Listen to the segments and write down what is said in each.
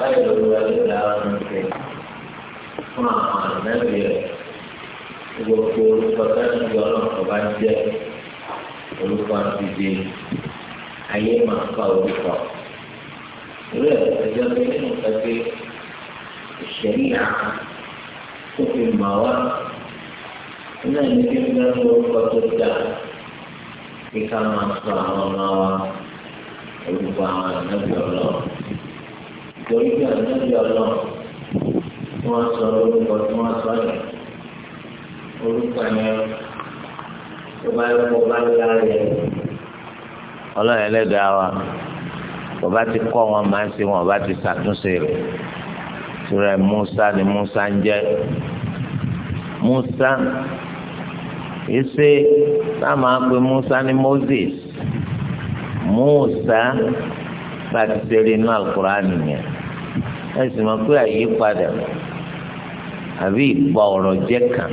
báyìí ló lọ sí ìdára ń ṣe fún àwọn ànábì rẹ̀ gbogbo orúkọ sẹ́yìn ìjọ ọlọ́run bá jẹ́ orúkọ àtijọ́ ayé máa fa orúkọ. ìlú ẹ̀ ẹ̀jọ́ pé nínú kẹ́kẹ́ ìṣẹ̀lẹ̀ àá tó fi mọ̀ wá náà ní kí n bá ń tó dáa kí ká máa sọ àwọn ọmọ wa orúkọ àwọn ànábì ọlọ́run torí bí àwọn ẹbí ọlọ́run tí wọ́n sọ orúkọ tí wọ́n sọ yẹn orúkọ yẹn tó bá yẹ kó bá yẹ lára yẹn. ọlọ́run ẹlẹ́dàá wa bàbá ti kọ́ wọn máa ń ṣe wọn bàbá ti ṣàtúnṣe rẹ̀ tura Musa ni Musa ń jẹ́ Musa ìṣe táà máa pe Musa ni Moses Musa bá ti ṣe rí inú àlùkùránì nìyẹn ẹ sì mọ̀ pé àyípadà àbí ìgbà ọ̀rọ̀ jẹ́ kan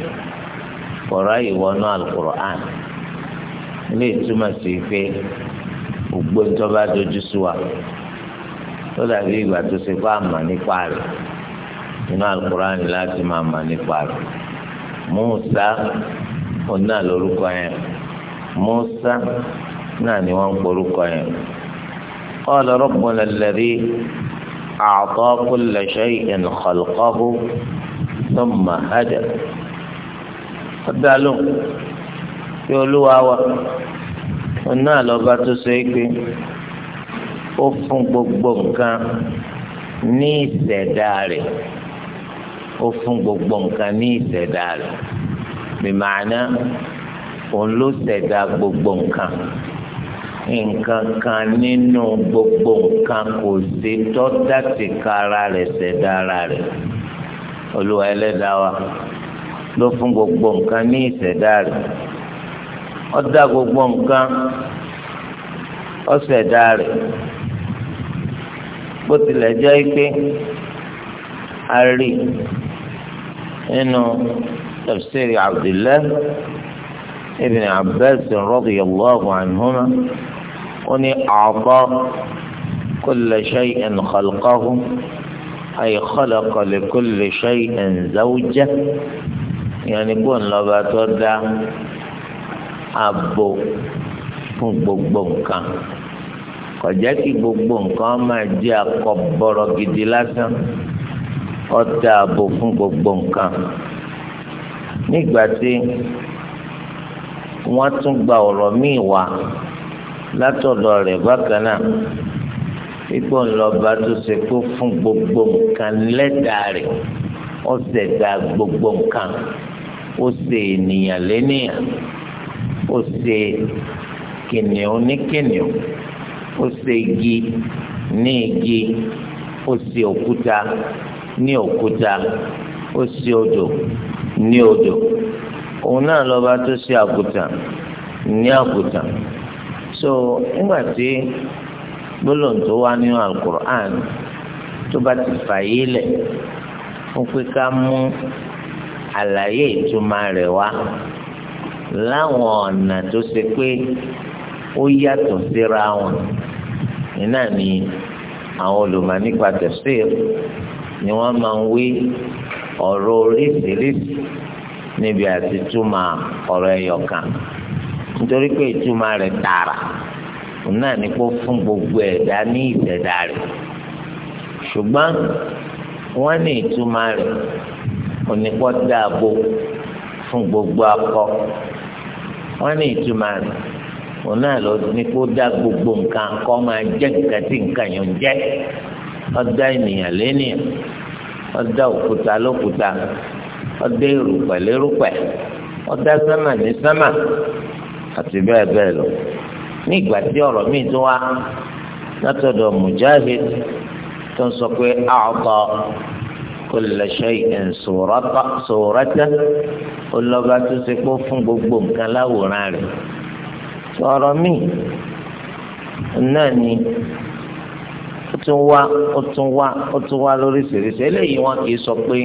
ọ̀rọ̀ àyèwọ̀ náà Al-Qur'an lè túmọ̀ sí pé gbogbo ń tọ́ba dojú sí wa tó dàbí ìgbà tó ṣe fún àmà nípa rẹ̀ nínú al láti máa mà nípa rẹ̀ Musa ọ̀nà lórúkọ yẹn Musa náà ni wọ́n ń porúkọ yẹn qala rabbuna alladhi. أعطى كل شيء خلقه ثم هدى فدالو يقولوا هوا náà lọ́ba tó ṣe é pé ó fún gbogbo nǹkan ní ìṣẹ̀dá rẹ̀ ó fún gbogbo nǹkan ní ìṣẹ̀dá rẹ̀ bìmọ̀ọ́nà òun ló ṣẹ̀dá gbogbo nǹkan nǹkan kan nínú gbogbo nǹkan kò sí tọ́dàtì ka ara rẹ̀ ṣẹ̀dá ara rẹ̀ olúwa ẹlẹ́dàá wa ló fún gbogbo nǹkan ní ìṣẹ̀dá rẹ̀ ó dá gbogbo nǹkan ó rẹ̀ bó tilẹ̀ jẹ́ pé a rí nínú tafsiri Abdullah ibn Abbas radiyallahu anhuma. وني أعطى كل شيء خلقه أي خلق لكل شيء زوجة يعني كون لبا تودا abo fún gbogbo nǹkan kọjá kí gbogbo nǹkan máa jẹ akọbọrọ gidi lásán ọtá abo fún gbogbo nǹkan nígbà tí wọn tún gba ọ̀rọ̀ míì wá látọ̀dọ̀ rẹ̀ bákan náà ipò ńlọba tó ṣe kó fún gbogbo nǹkan lẹ́dàá rẹ̀ ó ṣẹ̀dá gbogbo nǹkan ó ṣe ènìyàn lẹ́nìyàn ó ṣe kìnìún ní kìnìún ó ṣe igi ní igi ó ṣe òkúta ní òkúta ó ṣe odò ní odò òun náà lọ́ba tó ṣe àgùntàn ní àgùntàn. so nígbà tí gbólóhùn tó wá nínú alukur'an tó bá ti fàyè lẹ̀ ó pé ká mú àlàyé ìtumọ̀ rẹ̀ wá láwọn ọ̀nà tó ṣe pé ó yàtọ̀ síra wọn iná ni àwọn olùmọ̀ nípa tẹ̀síìr ni wọ́n máa ń wí ọ̀rọ̀ oríṣiríṣi níbi àti túmọ̀ ọ̀rọ̀ nítorí pé ìtumọ̀ rẹ̀ tààrà náà ní kó fún gbogbo ẹ̀dá ní ìṣẹ̀dá rẹ̀ ṣùgbọ́n wọ́n ní ìtumọ̀ rẹ̀ onípọ̀ dáàbò gbogbo akọ wọ́n ní ìtumọ̀ rẹ̀ òun náà gbogbo nǹkan kọ́ máa jẹ́ nǹkan tí nǹkan yẹn ń jẹ́ ènìyàn lẹ́nìyàn àti bẹ́ẹ̀ bẹ́ẹ̀ lọ ní ìgbà tí ọ̀rọ̀ míì tó wá látọ̀dọ̀ mujahid tó ń sọ pé àọ̀tọ̀ kò lè ṣe ìṣòrọ́tẹ́ olọ́ba tó ṣe pé ó fún gbogbo nǹkan láwòrán rẹ̀ ọ̀rọ̀ míì náà ni ó tún wá ó tún wá ó tún wá lóríṣiríṣi eléyìí wọn kì í sọ pé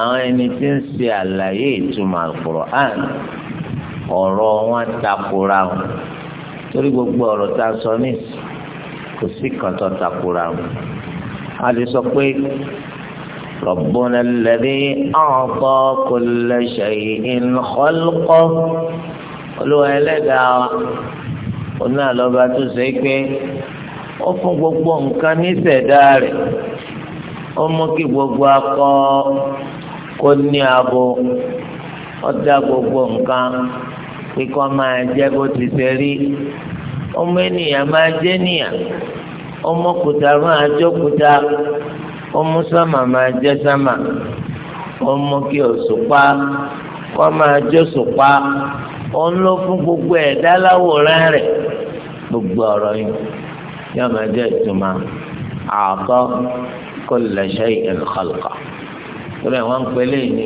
àwọn ẹni tí ń ṣe àlàyé ìtumọ̀ Al-Qur'an ọ̀rọ̀ wọn takora o torí gbogbo ọ̀rọ̀ tá a sọ ní kò sí kan tó o a lè sọ pé ẹlẹ́dàá oní àlọ́ba gbogbo nǹkan níṣẹ̀dá rẹ̀ ó mú kí gbogbo gbogbo nǹkan kíkọ́ máa jẹ́ bó ti ṣe rí ọmọ ènìyàn máa jẹ́ nìyà ọmọ kùtà máa jọ kùtà ọmọ sámà máa jẹ́ sámà ọmọ kí òṣùpá wọ́n máa jọ òṣùpá wọ́n lọ fún gbogbo ẹ̀dá láwòrán rẹ̀ gbogbo ọ̀rọ̀ yìí yóò máa jẹ́ ìtumọ̀ àkọ́ kulla shay'in khalqa torí àwọn pẹ̀lẹ́ ní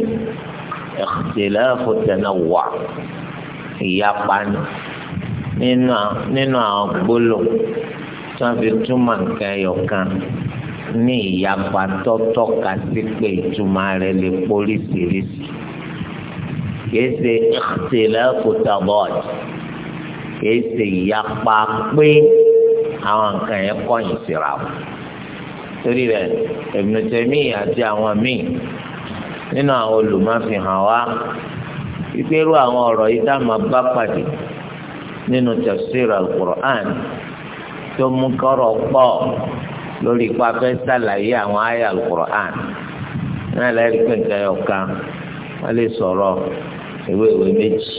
ikhtilafu tanawwu' ìyapa ni nínú nínú àwọn gbólò tí wọ́n fi túmọ̀ nǹkan ẹyọkan ní ìyapa tọ́tọ́ ka sí pé ìtumọ̀ rẹ̀ lè porí sírísì kìí ṣe ikhtilafu tabad kìí ṣe ìyapa pé àwọn nǹkan yẹn kọ̀yìn síra o torí rẹ̀ Ibn Taymiyyah àti àwọn míì nínú àwọn olùmọ̀ fi hàn wá ìgbéró àwọn ọ̀rọ̀ yìí dá máa bá pàdé nínú tafsir al-Qur'an tó mú kọ́rọ̀ pọ̀ lórí ipa fẹ́ sàlàyé àwọn àyà al-Qur'an náà lẹ́rìí pé nǹkan yọ̀ kan wọ́n lè sọ̀rọ̀ ìwé ìwé méjì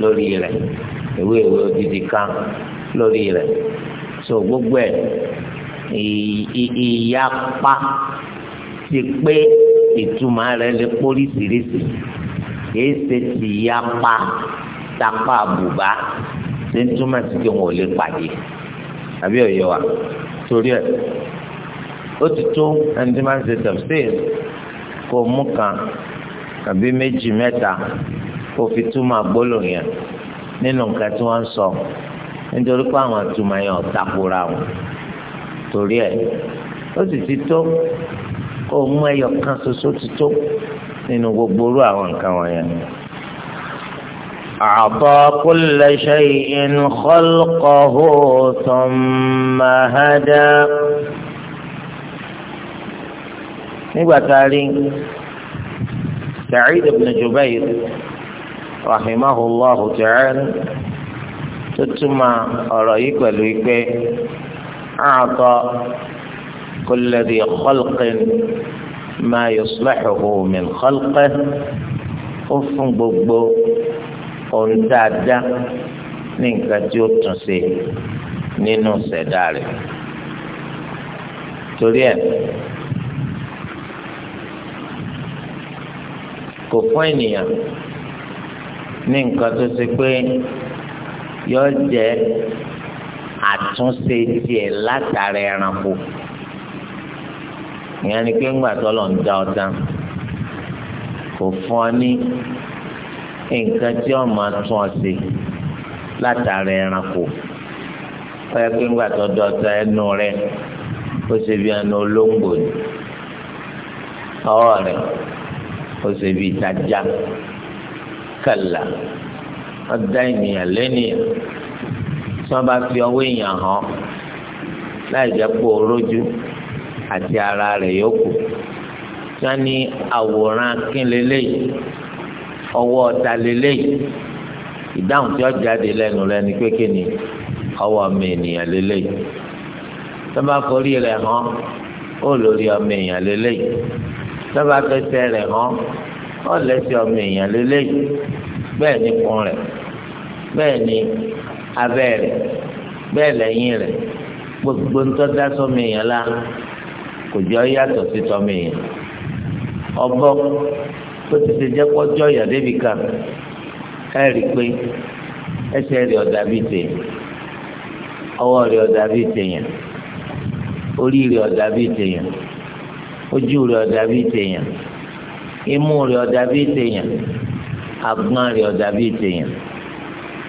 lórí rẹ̀ ìwé ìwé odidi kan lórí rẹ̀ so gbogbo ẹ̀ ìyapa ti pé ìtumọ̀ rẹ̀ lè pórí kìí ṣe ti yapa tapa àbùbá ṣe ń túmọ̀ sí pé wọn ò lè pàdé àbí òye wa torí ẹ̀ ó ti tó ẹni tí máa ń ṣe tafsir kó mú kan àbí méjì mẹ́ta kó fi túmọ̀ gbólóhùn yẹn nínú nǹkan tí wọ́n ń sọ nítorí pé àwọn àtúmọ̀ yẹn ò takora wọn torí ẹ̀ ó sì ti tó kó mú ẹyọ kan ṣoṣo ti tó. nínú gbogbo orú àwọn nǹkan wọ̀nyẹn. أعطى كل شيء خلقه há dá. nígbà tá a rí Sa'id ibn Jubayr rahimahullahu ta'ala tó túmọ̀ ọ̀rọ̀ yìí pẹ̀lú pé Àtọ́ kúlẹ̀ di خلق ma yuslihuhu min khalqihi ó fún gbogbo ohun dáadáa ní nǹkan tí ó tún ṣe nínú ṣẹ̀dá rẹ̀ torí ẹ̀ kò fún ènìyàn ní nǹkan tó ṣe pé yọ jẹ́ àtúnṣe tiẹ̀ látara ẹranko ìyẹn ni pé ńgbà tọ́lọ̀ ń da ọ̀tá kò fún ọ ní nǹkan tí ó máa tún ọ sí látara ẹranko ó yẹ pé ńgbà tó da ọ̀tá ẹnu rẹ ó ṣe bí ẹnu olóńgbò ni ọwọ́ rẹ ó ṣe bí ìtajà kàlà ọ̀dá ènìyàn lẹ́nìyàn tí wọ́n bá fi ọwọ́ èèyàn hàn láì jẹ́ pé ó rójú àti ara rẹ̀ yòókù sani àwòrán kínlélẹ́yìí ọwọ́ ọ̀tá lélẹ́yìí ìdáhùn tí ó jáde lẹ́nu rẹ̀ ni kéèké ni ọwọ́ ọmọ ènìyàn lélẹ́yìí sábà forí rẹ̀ hàn ó lórí ọmọ èèyàn lélẹ́yìí sábà fẹsẹ̀ rẹ̀ hàn ó lẹ́sẹ̀ ọmọ èèyàn lélẹ́yìí bẹ́ẹ̀ ni kùn rẹ̀ bẹ́ẹ̀ ni abẹ́ rẹ̀ bẹ́ẹ̀ lẹ́yìn rẹ̀ gbogbo ń tọ́ dá sọmọ èèyàn la kò jọ yàtọ̀ sí tọmọ èèyàn ọgbọ tó ti ṣe jẹ kọjọ yà débi kan ẹ rí i pé ẹsẹ̀ rẹ̀ ọdà bíi tèèyàn ọwọ́ rẹ̀ ọdà bíi tèèyàn orí rẹ̀ ọdà bíi tèèyàn ojú rẹ̀ ọdà bíi tèèyàn imú rẹ̀ ọdà bíi tèèyàn agbọ̀n rẹ̀ ọdà bíi tèèyàn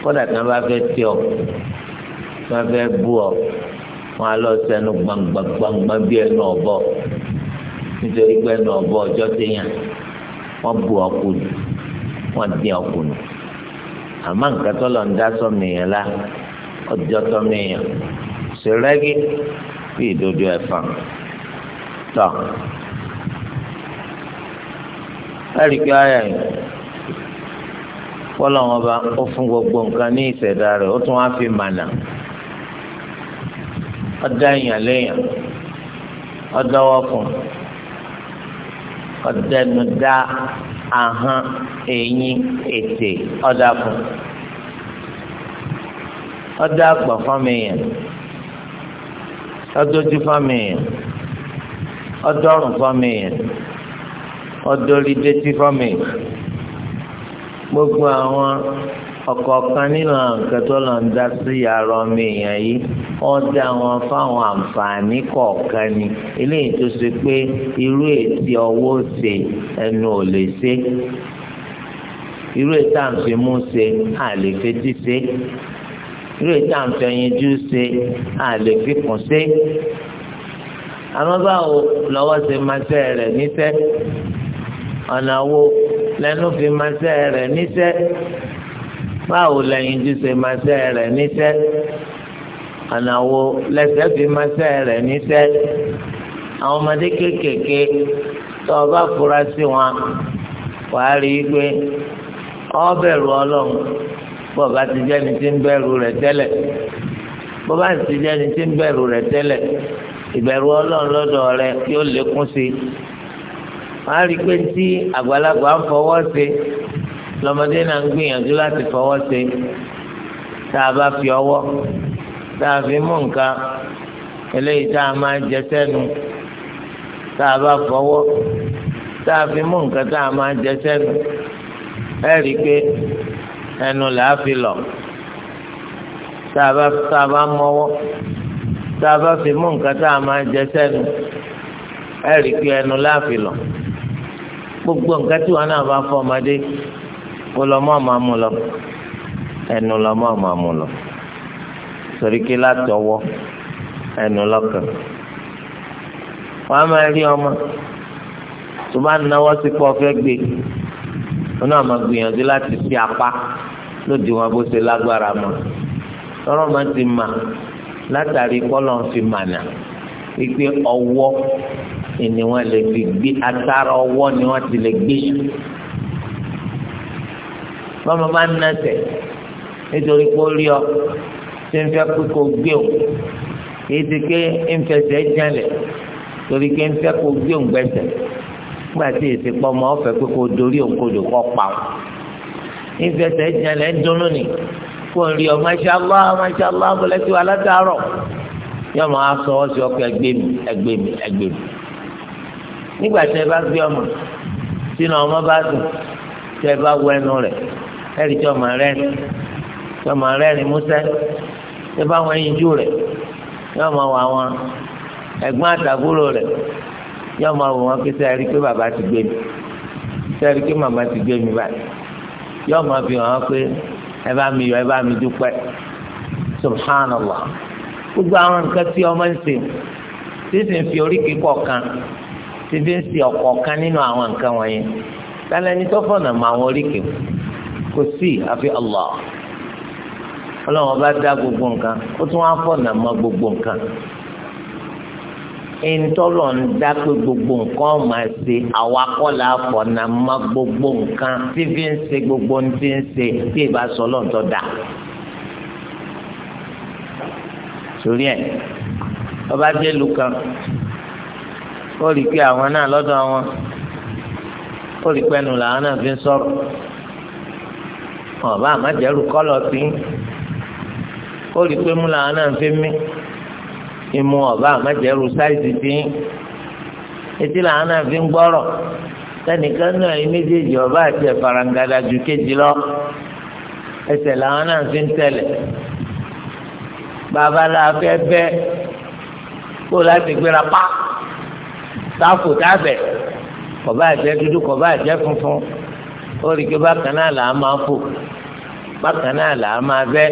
kódà tí wọn bá fẹ́ tẹ ọ tí fẹ́ bú ọ wọn á lọ sẹnu gbàngbàngbàngbà bí ẹnu ọ̀bọ nítorí pé ẹnu ọ̀bọ ọjọ́ téèyàn wọn bu ọkùnrin wọn dín ọkùnrin àmọ́ nǹkan tó lọ ń dá sọmìyàn la ọjọ́ tọmìyàn sèrègì bí ìdodo ẹ̀fọn tọ láti kí ayà yìí fọlọ́wọn bá ó fún gbogbo nǹkan ní ìṣẹ̀dá rẹ̀ ó tún wá fi mànà ọdá èèyàn léèyàn ọdọwọ fún ọdẹnudá ahọ́n eyín ètè ọdá fún ọdá àgbà fámìyàn ọdójú fámìyàn ọdọrùn fámìyàn ọdọrídétí fámìyàn gbogbo àwọn ọ̀kọ̀ọ̀kan nínú àwọn nǹkan tó lọ ń dá sí yàrá ọmọ èèyàn yìí ọjà wọn fáwọn àǹfààní kọ̀ọ̀kan ni eléyìí tó ṣe pé irú ètí ọwọ́ ṣe ẹnu ò lè ṣe irú ètí àǹfimú ṣe à lè fetí ṣe irú ètí àǹfẹ̀yìnjú ṣe à lè fikùn ṣe àmọ́ báwo lọ́wọ́ ṣe máa ṣe rẹ̀ níṣẹ́ ọ̀nà wo lẹ́nu fi máa ṣe rẹ̀ níṣẹ́ báwo lẹ́yìn jù ṣe máa ṣe rẹ̀ níṣẹ́ ọ̀nà wo lẹ́sẹ̀ fi máa sẹ́ rẹ̀ níṣẹ́ àwọn ọmọdé kéékèèké tó o bá fura sí wọn wàá rí i pé o bẹ̀rù bó o ti jẹ́ ni tí ń bẹ̀rù rẹ̀ tẹ́lẹ̀ bó o ti jẹ́ ni tí ń bẹ̀rù rẹ̀ tẹ́lẹ̀ ìbẹ̀rù ọlọ́run lọ́dọ̀ rẹ̀ yóò lékún sí i wàá rí i pé tí àgbàlagbà ń fọwọ́ sí lọ́mọdé náà ń gbìyànjú láti fọwọ́ sí tá a bá fi ọwọ́ tá a fi mú nǹkan eléyìí tá a máa jẹ sẹ́nu tá a bá fọwọ́ tá a fi mú nǹkan tá a máa jẹ sẹ́nu ẹ rí i pé ẹnu là á fi lọ tá a bá tá a bá mọ́wọ́ tá a bá fi mú nǹkan tá a máa jẹ sẹ́nu ẹ rí i pé ẹnu là á fi lọ gbogbo nǹkan tí wọn náà bá fọ ọmọdé kó lọ mọ́ ọmọ amú lọ ẹnu lọ mọ́ ọmọ amú lọ torí kí látọwọ́ ẹnu lọ́kàn wọ́n á máa rí ọmọ tó bá náwó sí pọ̀ fẹ́ gbé wọn náà máa gbìyànjú láti fi apá lóde wọn bó ṣe lágbára mọ́ tọ́rọ̀ máa ti mà látàrí kọ́lọ̀ ń fi mànà wípé ọwọ́ ni wọ́n lè fi gbé atara ọwọ́ ni wọ́n ti lè gbé sùn bọ́mọ bá ń nà nítorí pé ó rí ọ ṣé ń fẹ́ pé kò gbé o kìí ti ké ń fẹsẹ̀ jẹ́lẹ̀ torí ké ń fẹ́ kò gbé o gbẹ́sẹ̀ nígbà tí èsì pọ̀ mọ́ ọ̀fẹ́ pé kò dorí òǹkodò kọ́ pa o ń fẹsẹ̀ jẹ́lẹ̀ ń dunnú ni kò ń rí ọ máṣáláà máṣáláà bọ́lẹ́sì wà látàárọ̀ yọ máa sọ ọ́ sí ọkọ ẹgbẹ́ mi ẹgbẹ́ mi ẹgbẹ́ mi nígbà tí ẹ bá gbé ọmọ sínú ọmọ bá dùn tí ẹ bá wọ ẹnu rẹ̀ ẹ̀rí tí ọmọ rẹ̀ tí ọmọ rẹ̀ ni músẹ́ ṣé bá wọn yíjú rẹ̀ yóò máa wọ àwọn ẹ̀gbọ́n àtàbúrò rẹ̀ yóò máa wọ wọn pé sẹ́yìn rí pé bàbá ti gbé mi sẹ́yìn rí pé màmá ti gbé mi báyìí yóò máa fi hàn pé ẹ mi yọ̀ ẹ mi dúpẹ́ subhanallah gbogbo àwọn nǹkan tí ọmọ ń ṣe títí ń fi oríkèé kọ̀ọ̀kan títí ń ṣe ọ̀kọ̀ọ̀kan nínú àwọn nǹkan wọ̀nyẹn lálẹ́ ní tó fọ̀nà mọ àwọn oríkèé kò sí àfi Allah ọlọ́run bá dá gbogbo nǹkan ó tún wá fọ̀nà mọ́ gbogbo nǹkan ntọ́lọ̀ ń dá pé gbogbo nǹkan máa ṣe àwa kọ́ la fọ̀nà mọ́ gbogbo nǹkan tí fi ń ṣe gbogbo ń ti ń ṣe tí ìbá sọ lọ́ntọ́ dà. sórí ẹ̀ ọba délu kan ó rí pé àwọn náà lọ́dọ̀ wọn ó rí pẹ́nu làwọn náà fi ń sọ̀rọ̀ ọba àmàjẹ́rù kọ́ lọ sí ó rí i pé mú làwọn náà ń fi mí ìmú ọ̀bá àmọ́jẹ́rù sáìsì tí etí làwọn náà fi ń gbọ́rọ̀ sẹ́nìkan náà yìí méjèèjì ọ̀bá àti ẹ̀farangada ju kejì lọ ẹsẹ̀ làwọn náà fi ń tẹ̀lẹ̀ bàbá la fẹ́ bẹ́ kó láti gbéra pa sáfù tábẹ̀ kọ̀bá àjẹ́ dúdú kọ̀bá àjẹ́ funfun ó rí i pé bákan náà làá máa fò bákan náà làá máa bẹ́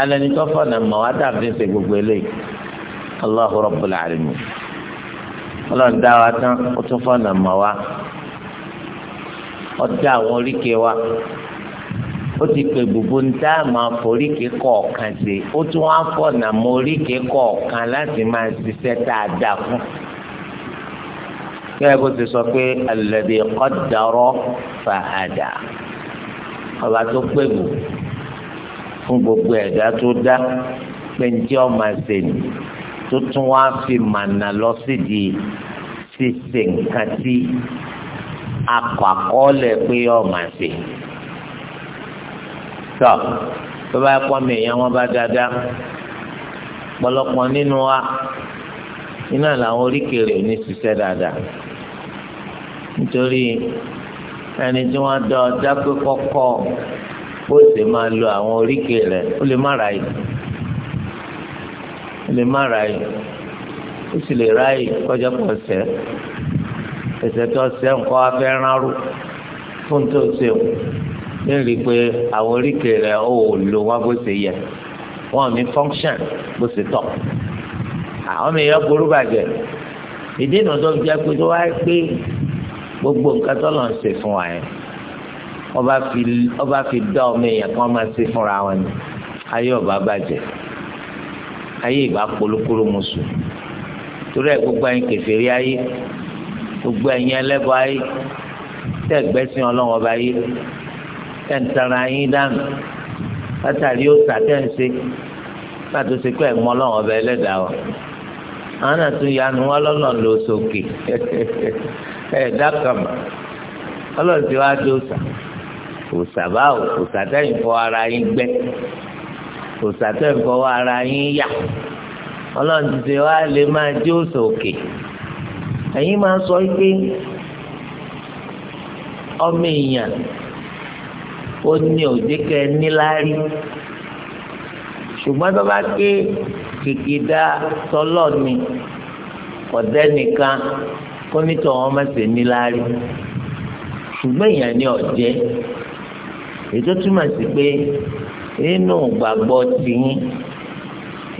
alẹ́ni tó fọ̀nà mọ̀ wá dàbí ṣe gbogbo eléyìí Allahu Rabbul Alamin ọlọ́run dá wa tán ó tún fọ̀nà mọ̀ wá ó dá àwọn oríkèé wa ó ti pè gbogbo níta máa foríkèé kọ̀ọ̀kan ṣe ó tún wá fọ̀nà mọ̀ oríkèé kọ̀ọ̀kan láti máa ṣiṣẹ́ tá a dà fún kẹ́ẹ̀ bó ti sọ pé alladhi qaddara fahada ọba tó pè gbogbo fún gbogbo ẹ̀dá tó dá pẹ̀ntì ọmọ ẹsẹ̀ ni tó tún wá fi mànà lọ sídìí ṣíṣe nǹkan tí akọ àkọọ́lẹ̀ pé ọmọ ẹsẹ̀ tọ́ tó bá pọ́ mi èèyàn wọn bá dáadáa pọ̀lọpọ̀ nínú wa iná làwọn oríkèrè ò ní ṣiṣẹ́ dáadáa nítorí ẹni tí wọ́n dọ̀ dápé kọ́kọ́ bó ṣe máa lo àwọn oríkèé rẹ̀ ó lè má ra yìí ó lè má ra yìí ó sì lè ra yìí kọjá pọ̀ sẹ́ ẹsẹ̀ tó sẹ́ nǹkan afẹ́ ránrú fún tó ṣe o ní rí i pé àwọn oríkèé rẹ̀ ó lo wọn bó ṣe yẹ wọn ò ní function bó ṣe tọ́ àwọn mi yọ burú bàjẹ́ ìdí ìnàdọ́ jẹ́ pé tó wáá pé gbogbo nǹkan tó lọ́n ṣe fún wa yẹn ọba fi dá ọmọ èèyàn kan máa ṣe fúnra wọn ni ayé ọba bàjẹ́ ayé ìbá polúkúrú musu torí ẹ gbogbo ẹ̀yin kèfèrí ayé gbogbo ẹ̀yin ẹlẹ́bọ ayé tẹgbẹ sí Ọlọ́run ọba ayé tẹntara yín dànù látàrí òòtà tẹǹsẹ láti ṣe pé ẹ̀gbọ́n Ọlọ́run ọba ẹlẹ́dàá wa àwọn náà tún yanu wọn lọlọrun lọ sókè ẹ dákàmà Ọlọ́run ti wá dóòtà òòsà báwo òòsà tẹ́yìn fọ ara yín gbẹ́ òòsà tẹ́yìn fọ ara yín yà ọlọ́run ti ṣe wá lè máa dé òòsà òkè ẹ̀yin máa sọ pé ọmọ èèyàn ó ní òjèkẹ́ níláárí ṣùgbọ́n tó bá ké kìkìdá tọ́lọ̀ ni ọ̀dẹ́ nìkan kó nítorí wọn má ṣe níláárí ṣùgbọ́n èèyàn ní ọ̀jẹ́ ètò túmọ̀ sí pé nínú gbàgbọ́ tìyín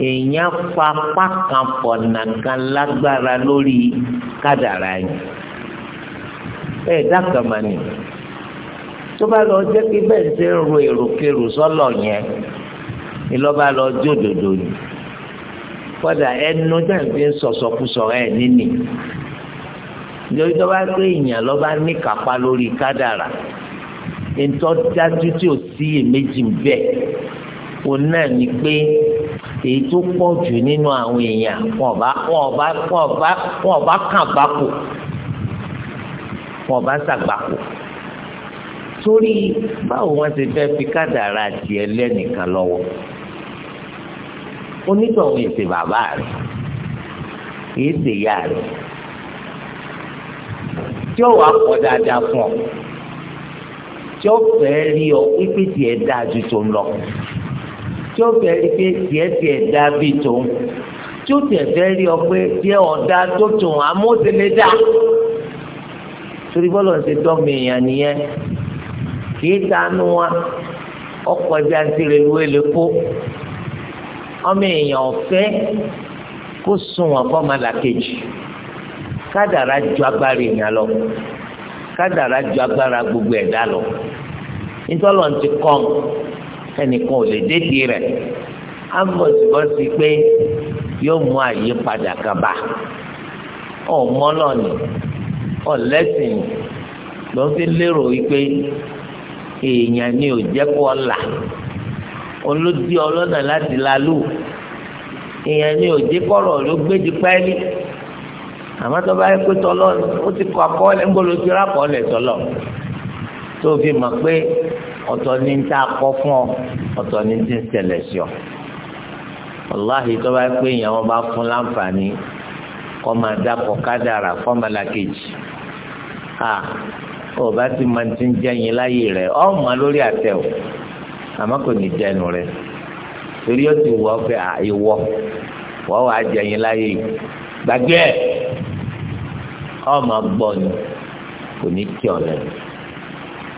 èèyàn fa apá kan fọ̀nà kan lágbára lórí kádàrá yìí ẹ̀ dákàmà ni tó bá lọ jẹ́ pé bẹ́ẹ̀ ṣe ń ro èròkèrò sọ́lọ̀ yẹn ni lọ́ba lọ jódòdò ni kọ́dà ẹnu dàn fi ń sọ̀sọ̀kúsọ ẹ̀ níní ìjọba pé èèyàn lọ́ba ní kápá lórí kádàrá ntọ́ dájú tí ò sí èméjì bẹ́ẹ̀ òun náà ni pé èyí tó pọ̀ jù nínú àwọn èèyàn wọn ọba wọn ọba wọn ọba wọn ọba kàn bákò wọn ọba ṣàgbákò torí báwo wọn ti fẹ́ fi kádàrá tiẹ̀ lẹ́nìkan lọ́wọ́ onítọ̀hún èsè bàbá rẹ̀ èsè ìyá rẹ̀ tí ó wàá pọ̀ dáadáa fún ọ tí ó fẹ́ rí ọ pípé tiẹ̀ dáa ju tó ń lọ tí ó fẹ́ rí pé tiẹ̀ tiẹ̀ dáa bíi tó ń tí ó tiẹ̀ fẹ́ rí ọ pé tiẹ̀ ọ̀dà tó tó ń amóhùnsẹ́lẹ̀ torí bọ́lọ̀ ṣe dọ́mi èèyàn nìyẹn kì í dánú wa ọkọ̀ ẹbí àti rèlúwé lè kó ọmọ èèyàn ọ̀fẹ́ kó sunwọ̀n fọ́ ọmọ làkejì kádàrá ju agbára èèyàn lọ. kádàrá ju agbára gbogbo ẹ̀dá lọ nítọ́lọ̀ ti kọ́m ẹnìkan ò lè dédìí rẹ̀ amọ̀sibọ́sí pé yóò mú àyípadà kan ọ̀mọ́lọ́ni ọ̀lẹ́sìn ló fi lérò wípé èèyàn ni ò jẹ́ kó ọ̀la olódì ọlọ́nà láti lálù èèyàn ni ò jẹ́ kọ́rọ̀ ló gbé àmọ́ tó bá yẹ pé tọ́lọ́ ó ti kọ akọ́lẹ̀ ń gbọ́dọ̀ ti rákọ́lẹ̀ tọ́lọ́ tó fi mọ̀ pé ọ̀tọ̀ ni ń tá a kọ́ fún ọ ọ̀tọ̀ ni ti ń ṣẹlẹ̀ sí ọ. wàláhì tó bá yẹ pé èèyàn wọn bá fún láǹfààní kọ́ máa dákọ̀ kádàrà fọ́mọlá kejì ó bá ti máa ti ń jẹyin láyé rẹ ọmọ lórí àtẹ o àmọ́ kò ní jẹnu rẹ torí ó ti wọ pé ìwọ wọ́n wàá jẹyin láyé gbàgbé ẹ̀ ọmọ gbọ́ ni kò ní kí ọ̀rẹ́ rẹ̀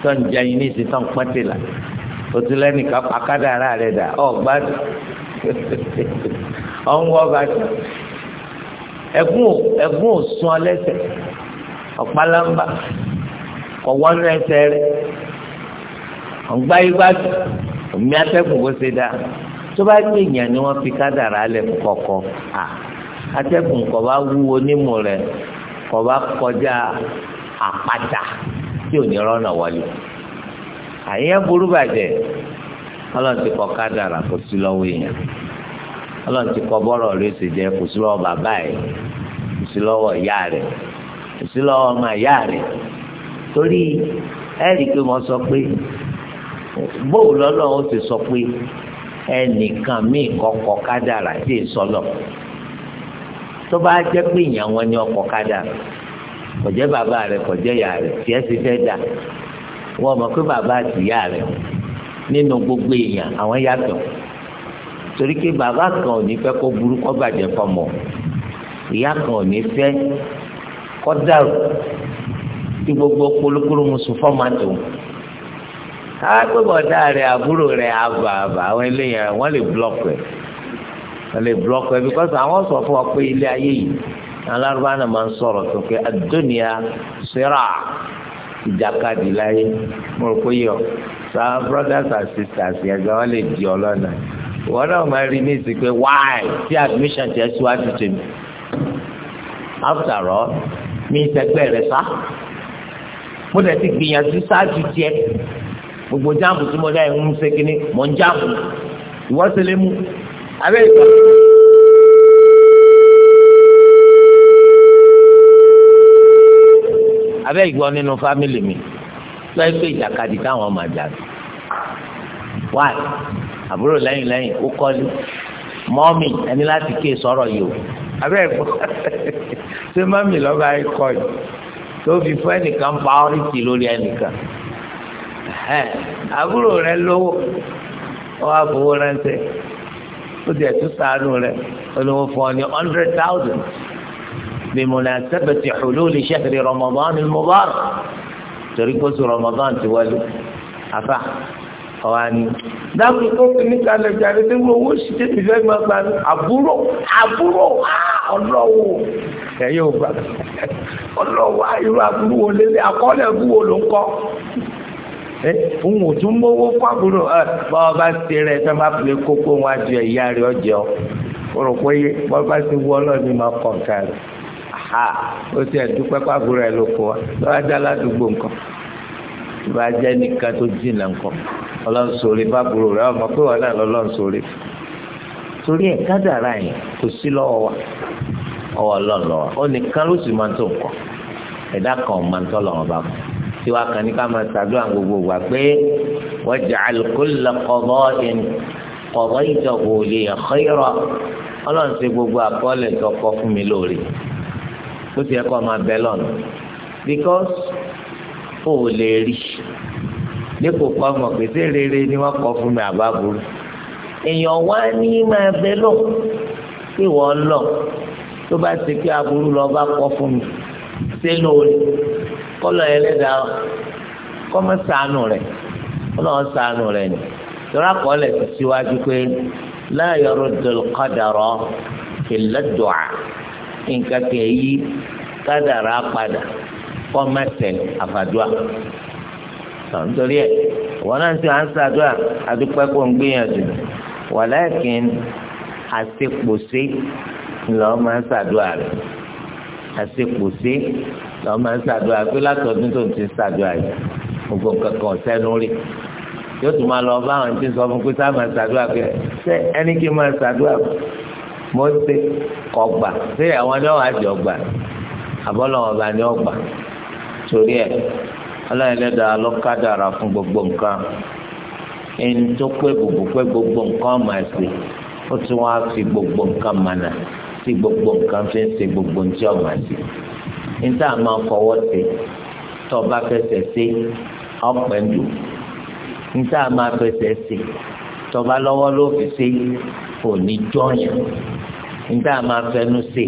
tó ń jẹ́ yín ní ìsìn tó ń pẹ́tì là o ti lẹ́nu akádà ara rẹ̀ dà ọ̀ gbádùn ọ̀ ń wọ́ bàtà ẹ̀gún ẹ̀gún òsùn ọlẹ́sẹ̀ ọ̀pálámbá ọ̀wọ́nú ẹsẹ̀ rẹ̀ ọ̀gbá igbájú omi atẹ́kùn kó ṣe dáa tó bá gbé èèyàn ni wọ́n fi kádàrá lẹ̀ kọ̀ọ̀kan à atẹ́kùn kọ̀ bá wúwo nímú rẹ̀ kọba kọjá àpáta tí ò ní rọ́nà wọlé àyẹn burú bàjẹ́ ọlọ́run ti kọ kádàrà kò sí lọ́wọ́ èèyàn ọlọ́run ti kọ bọ́rọ̀ rẹ̀ sì jẹ́ kò sí lọ́wọ́ bàbá ẹ̀ kò sí lọ́wọ́ ìyá rẹ̀ kò sí lọ́wọ́ ọmọ ìyá rẹ̀ torí ẹ̀rí pé mo sọ pé bóòlù ọlọ́run ó ti sọ pé ẹnìkan míì kọ́kọ́ kádàrà tí ì sọlọ tó bá jẹ́ pé ìyàn wọn ni ọkọ̀ kadà kò jẹ́ bàbá rẹ̀ kò jẹ́ ìyá rẹ̀ tiẹ̀ sì fẹ́ dà wọ́n mọ̀ pé bàbá àti ìyá rẹ̀ nínú gbogbo èèyàn àwọn yàtọ̀ torí pé bàbá kan ò ní fẹ́ kó burú kó bàjẹ́ fọmọ ìyá kan ò ní fẹ́ kó dàrú tí gbogbo kpolokpolo musu fọmọ tó àgbẹ̀bọ̀dá rẹ̀ àbúrò rẹ̀ àbàbà àwọn eléyàn wọ́n lè blọọkì rẹ̀ wọ́n lè búlọ́ọ̀kù ẹ bíkọ́sì àwọn sọ fún wa pé ilé ayé yìí alárúbá náà máa ń sọ̀rọ̀ tó pé adóníyà sẹ́rà ìjàkadì láyé mo rò pé yọ sa brothers and sisters ẹ̀gbọ́n wọn lè di ọlọ́nà wọn náà máa rí ní ìsìn pé why tí admission tẹ̀ síwájú tèmi after all mi sẹgbẹ́ rẹ̀ sá mo dẹ̀ ti gbìyànjú ṣáájú tiẹ̀ gbogbo jáàmù tí mo dá ẹ̀ ń ṣe kínní mo ń jáàmù ìwọ́sẹ̀lẹ̀ mú abẹ́ ìgbà. abẹ́ ìgbọ́ nínú fámìlì mi lọ́ọ́ pé ìjàkadì táwọn ọmọ àjà sí. wáì àbúrò lẹ́yìn lẹ́yìn ó kọ́lé mọ́mì ẹni láti ké sọ̀rọ̀ yìí o abẹ́ ìgbọ́ ṣé mọ́mì lọ́ba ẹ kọ́ yìí tó fi fún ẹnìkan pa ọ́rìtì lórí ẹnìkan àbúrò rẹ lówó ó wá fowó ránṣẹ́ ó di ẹ̀tún sàánú rẹ̀ olówó fún ọ ní hundred thousand bimunasabati hululi shahri ramadan al-mubarak torí kó sùn ramadan ti wọlé afa ọ̀wá ni. dábìlì tó fi ní kalẹ̀ jáde tó wọ owó ṣiṣẹ́ ìfẹ́ máa gba ní àbúrò àbúrò ọlọ́wọ́ ẹ̀yẹ́ ògbà ọlọ́wọ́ irú àbúrò wọlé akọ́lẹ̀ bú wo ló ń kọ́. Eh, òun ò tún mówó kọ́bùrò ẹ eh, bọ́ọ̀ bá ti rẹ̀ tó bá fi lè kókó wọn ju ẹ̀yà rẹ̀ ọ̀jẹ̀ ọ́ rò pé bọ́ọ̀ bá ti wọ́ ọlọ́ọ̀ni máa kọ̀ nǹkan rẹ̀ ha ó ti ẹ̀dúpẹ́ kọ́bùrò ẹ̀ ló kó wa lọ́wọ́ ajá ládùúgbò nǹkan tó bá jẹ́ nìkan tó jìnnà nǹkan ọlọ́nsọ̀rẹ́ bá burú rẹ̀ ọmọ pé wọn náà lọ́nsọ̀rẹ́ torí ẹ̀ kádàrá yẹn kò sí lọ́wọ́ wa ọwọ́ lọ́nlọ́wọ́ ó nìkan ló tiwa kan ní ká máa ṣàdúrà gbogbo wa pé waj'al kulla qada'in qadaytahu li khayra ọlọ́run ṣe gbogbo àkọọ́lẹ̀ tọkọ fún mi lórí ó ti yẹ kó máa bẹ lọ́nà because ó lè rí dípò kọ́ ọmọ pèsè rere ni wọ́n kọ́ fún mi àbá burú èèyàn wá ní máa bẹ lọ pé wọ́n tó bá ṣe pé aburú lọ bá kọ́ fún mi ṣé lóore kọ́lọ̀ ẹlẹ́dàá kọ́mọ sànù rẹ̀ kọ́lọ̀ sànù rẹ̀ ni tọ́lá kọ́lẹ̀ ti síwájú pé la yaruddul qadara fil du'a nǹkan kẹ́ yí kádàrá padà kọ́mọ tẹ̀ àfàdúà nítorí ẹ̀ wọ́n náà ti à ń àdúpẹ́ kó ń gbìyànjú walakin àtẹ̀kpọ̀sẹ̀ ńlọ́ọ́ máa ń sàdúà rẹ̀ àṣekùsí lọ́ọ́ máa ń ṣàdúrà pé látọ̀dún tó ń ti ṣàdúrà yìí gbogbo nǹkan kan sẹ́nu rí yóò tún máa lọ bá àwọn tí ń sọ fún pé sáà máa ṣàdúrà pé ṣé ẹni kí n máa ṣàdúrà mo ṣe ọgbà ṣé àwọn ni wọn á di ọgbà àbọ̀lọ́wọ̀n bá ní ọgbà torí ẹ̀ ọlọ́run lẹ́dàá lọ́kadàrà fún gbogbo nǹkan ẹni tó pé gbogbo pé gbogbo nǹkan máa ṣe ó tún wá fi gbogbo nǹkan mànà sí gbogbo nǹkan fi ń ṣe gbogbo ní tí ọ̀gbà sí níta máa fọwọ́ sí tó o bá fẹsẹ̀ sí ọ̀pẹ̀ ndò níta máa fẹsẹ̀ sí tó o bá lọ́wọ́ ló fi sí kò ní jọyàn níta máa fẹnu sí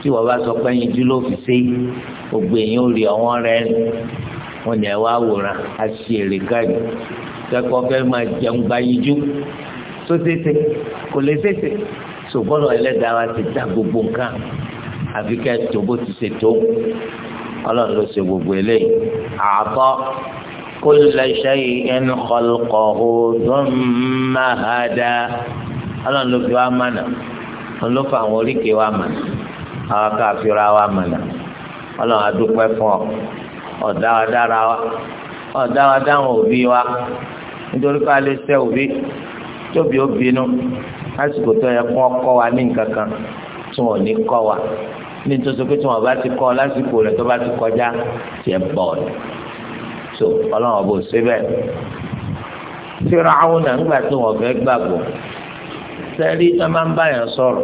tí wọ́n bá sọ pé yín dúró ló fi sí gbogbo èèyàn ò rí ọwọ́n rẹ̀ wọn ni ẹ wá wòran a ṣe èrè gáàdì kẹ́kọ̀ọ́ fẹ́ máa jẹun gbayinjú tó ṣeéṣe kò lè ṣeéṣe sòbọ́lọ̀ ẹlẹ́dàá wa ti dá gbogbo nǹkan àfi kẹ́ tó bó ti ṣe tó ọlọ́run ló ṣe gbogbo eléyìí àtọ́ kulla shay'in khalqahu thumma hada ọlọ́run ló fi wá mànà ọlọ́run ló fa àwọn oríkèé wa mànà àwọn káfíńra wa mànà ọlọ́run adúpẹ́ fún ọ ọ̀dá wa dára wa ọ̀dá wa dáhùn òbí wa nítorí ká lè ṣe òbí tóbi ó bínú lásìkò tó yẹ kó kọ́ wa ní nǹkan kan tí wọ́n ní kọ́ wa ní nítorí pé tí wọ́n bá ti kọ́ lásìkò rẹ̀ tó bá ti kọjá tiẹ̀ bọ̀ ọ́ so ọlọ́run ọ̀bọ̀ ṣe bẹ́ẹ̀ fíra àwọn náà ńgbà tí wọ́n fẹ́ gbàgbọ́ sẹ́rí tó máa ń báyàn sọ̀rọ̀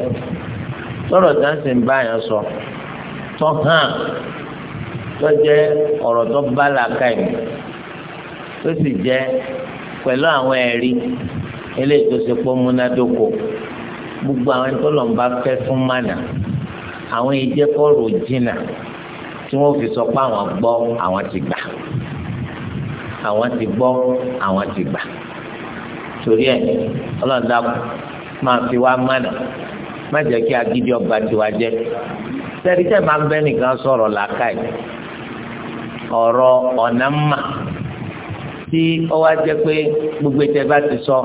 sọ̀rọ̀ tó ń sì ń báyàn sọ tó hàn tó jẹ́ ọ̀rọ̀ tó bá làákà yìí tó sì jẹ́ pẹ̀lú àwọn ẹ̀rí eléyìí tó ṣe pọ́ múnádóko gbogbo àwọn ẹni tó lọ́n bá fẹ́ fún mànà àwọn ìjẹ́ kọ́rọ̀ jìnnà tí wọ́n fi sọ pé àwọn gbọ́ àwọn ti gbà àwọn ti gbọ́ àwọn ti gbà torí ẹ̀ ọlọ́dà máa fi wá mànà má jẹ́ kí agídí ọba tiwa jẹ́ sẹ́ẹ̀dí tẹ̀ máa ń bẹ́ nìkan sọ̀rọ̀ làákàyè ọ̀rọ̀ ọ̀nà mà tí ọwọ́ jẹ́ pé gbogbo ìtẹ́ bá ti sọ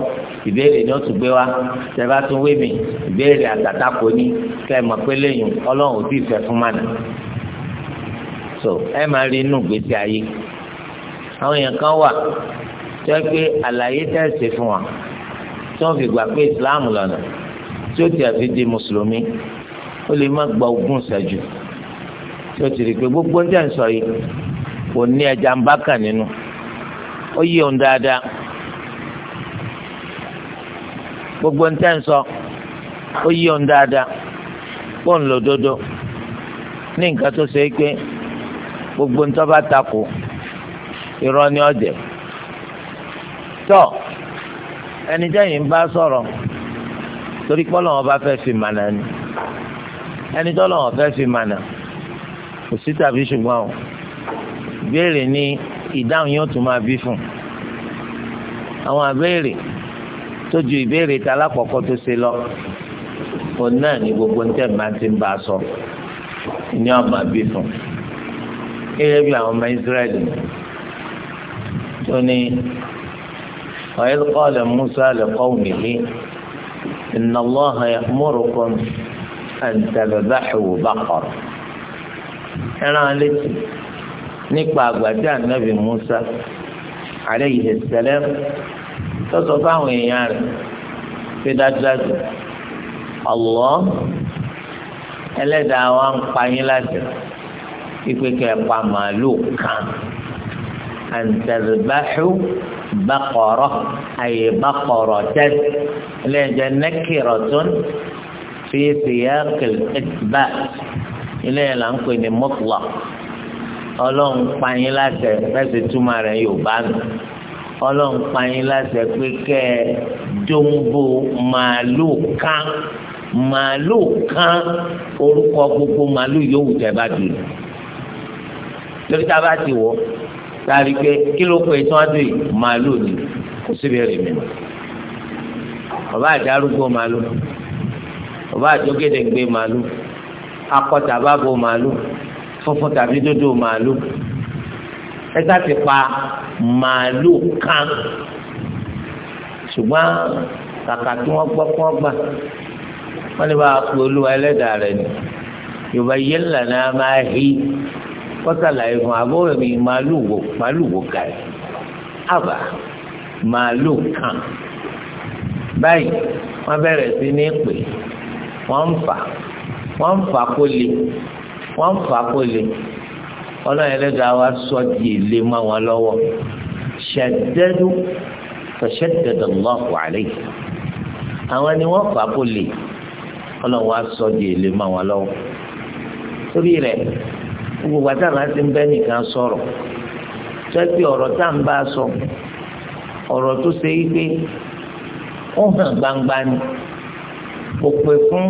ìbéèrè ni ó tún gbé wá ìtẹ́ bá tún wé mi ìbéèrè àtàtà kò ní kẹ́ ẹ mọ̀ pé lẹ́yìn ọlọ́run ò tí ì fẹ́ fún mànà. so ẹ máa rí inú gbèsè ayé àwọn èèyàn kan wà tí wọ́n pé àlàyé tẹ̀sí fún wa tí wọ́n fi gbà pé ìsìláàmù lọ́nà tí ó ti àfi di mùsùlùmí ó lè má gba ogún ìṣẹ́jú tí ó ti rí i pé gbogbo ń tẹ̀ ń sọ yìí kò ní ẹja ń bá kà nínú ó yí òun dáadáa gbogbo ń tẹ́ ń sọ ó yí òun dáadáa kó ń lò dodo ní nǹkan tó ṣe é pé gbogbo ń tọ́ bá takò irọ́ ni ọ̀jẹ̀ tọ́ ẹni jẹ́yìn ń bá sọ̀rọ̀ torí pé Ọlọ́hun bá fẹ́ fi mànà ni ẹni tí Ọlọ́hun fẹ́ fi mànà kò sí tàbí ṣùgbọ́n o béèrè ní ìdáhùn yóò tún máa bí fún àwọn àbẹ́rẹ́ tó ju ìbéèrè ta lákọ̀ọ́kọ́ tó ṣe lọ òun náà ni gbogbo ní tẹ̀m̀bá ti ń bá a sọ ní ọmọ àbí fún gẹ́gẹ́ bí àwọn ọmọ Israẹli tó ní ọ̀yẹ́dì kọ́ọ̀lẹ̀ Musa lè kọ́ òmìnirí inna Allaha ya'murukum an tadhbahu baqara ẹran létí nípa àgbàdo ànábì Musa alayhi salam tọ́sọ fáwọn èèyàn rẹ̀ pé dájúdájú Allah ẹlẹ́dàá wa ń pa yín láti ipe kẹpa màálù kan àǹtẹ̀rẹ̀báṣu baqarah ayé baqaratan ẹlẹ́jẹ̀ nakiratun fi siyaqil ithbat ilé yẹn là ń pè ní mutlaq ọlọ́run pa yín láṣẹ fẹsẹ̀ túmọ̀ rẹ̀ yóò bá nù ọlọ́run pa yín láṣẹ pé kẹ́ ẹ dóńgbò màálùú kan màálùú kan orúkọ gbogbo màálùú yòówù tẹ́ bá dùn lórí tá a bá ti wọ̀ tàbí pé kí ló pè tí wọ́n dùn yìí màálùú ni kò síbi rè mí bàbá àdárúgbó màálùú bàbá àdógédégbé màálùú akọtàbábò màálùú funfun tàbí dúdú màálù ẹgbẹ́ ti pa màálù kan ṣùgbọ́n kàkà tí wọ́n gbọ́ kí wọ́n gbà wọ́n lè bá a pè olúwa ẹlẹ́dàá rẹ̀ ni yorùbá yé lànà máa hí kọ́sàlàyé fún abóyọ̀ mi màálù wò màálù wò kàì àbá màálù kan báyìí wọ́n bẹ̀rẹ̀ sí ní pè wọ́n ń fà wọ́n ń fà kó le wọ́n fà á kó lè ọlọ́run ẹlẹ́dàá wa sọ di èlé mọ́ wọn lọ́wọ́ ṣẹ̀dẹ́dú fẹ̀ṣẹ̀dẹ̀dọ̀ lọ́ọ̀kù àlẹ́ yìí àwọn ni wọ́n fà á kó lè ọlọ́run wa sọ di èlé mọ́ wọn lọ́wọ́ torí rẹ̀ gbogbo àti àwọn àti bẹ́ẹ̀ nìkan sọ̀rọ̀ tẹ́tí ọ̀rọ̀ tá à ń bá a sọ ọ̀rọ̀ tó ṣe é gbé ó hàn gbangba ni kò pè fún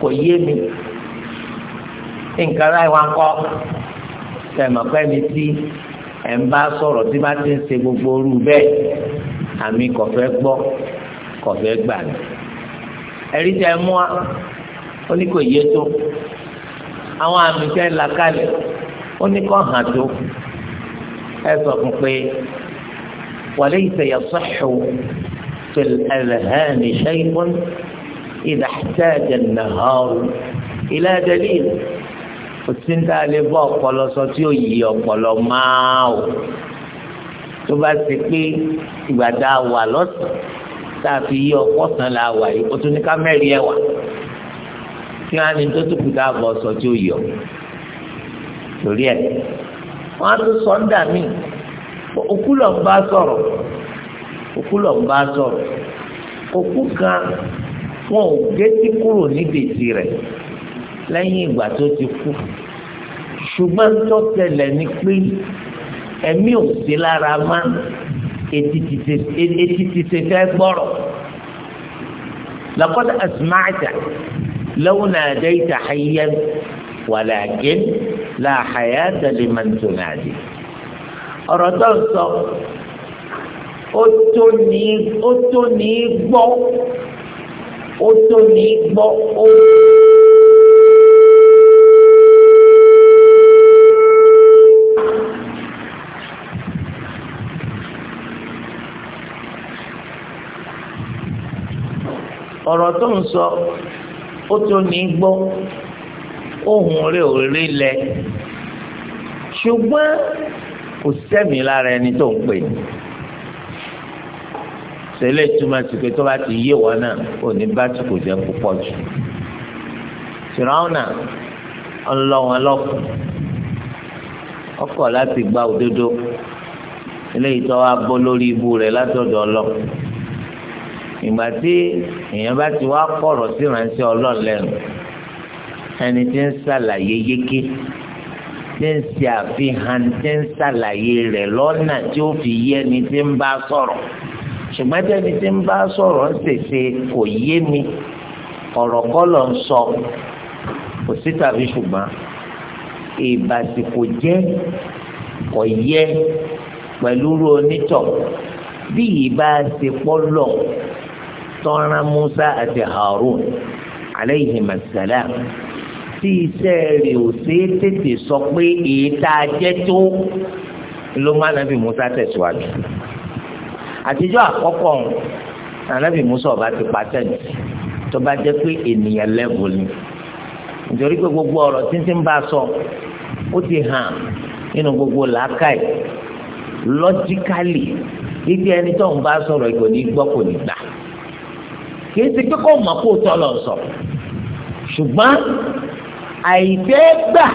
kò yé mi nǹkan láì wá ń kọ́ tẹ̀mọ̀ pẹ́ mi tí ẹ̀ ń bá sọ̀rọ̀ tí bá ti ń ṣe gbogbo orú bẹ́ẹ̀ àmì kọ̀fẹ́ gbọ́ kọ̀fẹ́ gbà ní. ẹ̀rí tẹ mú wa ó ní kò yé tó àwọn àmì tẹ là kalẹ̀ ó ní kò hàn tó ẹ sọ fún pé وليس يصح في الأذهان شيء إذا احتاج النهار إلى دليل òtí ń tá a lè bọ́ ọpọlọ sọ tí ó yí ọpọlọ máa o tó bá ti pé ìgbà tá a wà lọ́sàn tá a fi yí ọpọ́sàn la wà yìí ó tún ní ká mẹ́rin ẹ̀ wà kí wọ́n á ní tó tùkù tá a bọ̀ sọ tí ó yí ọ lórí ẹ̀ wọ́n á tún sọ mí òkú lọ bá sọ̀rọ̀ òkú lọ bá sọ̀rọ̀ òkú kan wọn ò gé tí kúrò níbi ìsì rẹ̀ lẹ́yìn ìgbà tó ti kú ṣùgbọ́n tó tẹ̀lẹ̀ ni pé ẹ̀mí ò sí lára má etí ti ṣe fẹ́ gbọ́rọ̀ laqad asma'ta law nadayta hayyan walakin la hayata liman tunadi ọ̀rọ̀ tó ń sọ ó tó ní gbọ́ ó tó ní gbọ́ ó. ọ̀rọ̀ tó ń sọ ó tó ní gbọ́ ohùn rẹ̀ ò rí lẹ̀ ṣùgbọ́n kò sẹ́mi lára ẹni tó ń pè ní tẹ́lẹ̀ túmọ̀ sí tó bá ti yé wọn náà ò ní bá tí kò jẹ́ púpọ̀ jù tìrọ́nà ọlọ́wọ́n ọkọ̀ láti gba òdodo eléyìí tó wá bọ́ lórí ibu rẹ̀ látọ̀dọ̀ ọlọ́kù ìgbà tí èèyàn bá ti wá kọ̀rọ̀ sí ìránṣẹ́ ọlọ́run lẹ́nu ẹni tí ń ṣàlàyé yéké tí ń ṣe àfihàn tí ń ṣàlàyé rẹ̀ lọ́nà tí ó fi yé ẹni tí ń bá sọ̀rọ̀ ṣùgbọ́n tẹ́ni tí ń bá sọ̀rọ̀ ń ṣèṣe kò yé mi ọ̀rọ̀ kọ́ ló ń sọ kò sí tàbí ṣùgbọ́n ìbàsìkò jẹ́ kò yẹ pẹ̀lú onítọ̀ bí ìbá ṣe pọ́ lọ tọ́ran Musa àti Harun aleyhi masalam tí iṣẹ́ rẹ̀ ò sí tètè sọ pé èyí tá a jẹ́ tó ló má nàbì Musa tẹ̀síwájú àtijọ́ àkọ́kọ́ nàbì Musa ọba ti pàtẹ́ǹtì tó bá jẹ́ pé ènìyàn lẹ́bù ni nítorí pé gbogbo ọ̀rọ̀ títí ń bá sọ ó ti hàn nínú gbogbo làákàyè lọ́jíkálì ibi ẹni tó ń bá sọ̀rọ̀ kò gbọ́ kò ní gbà kìí ti pé kó mọ̀ kó tọ́ lọ sọ ṣùgbọ́n àìfẹ́ gbà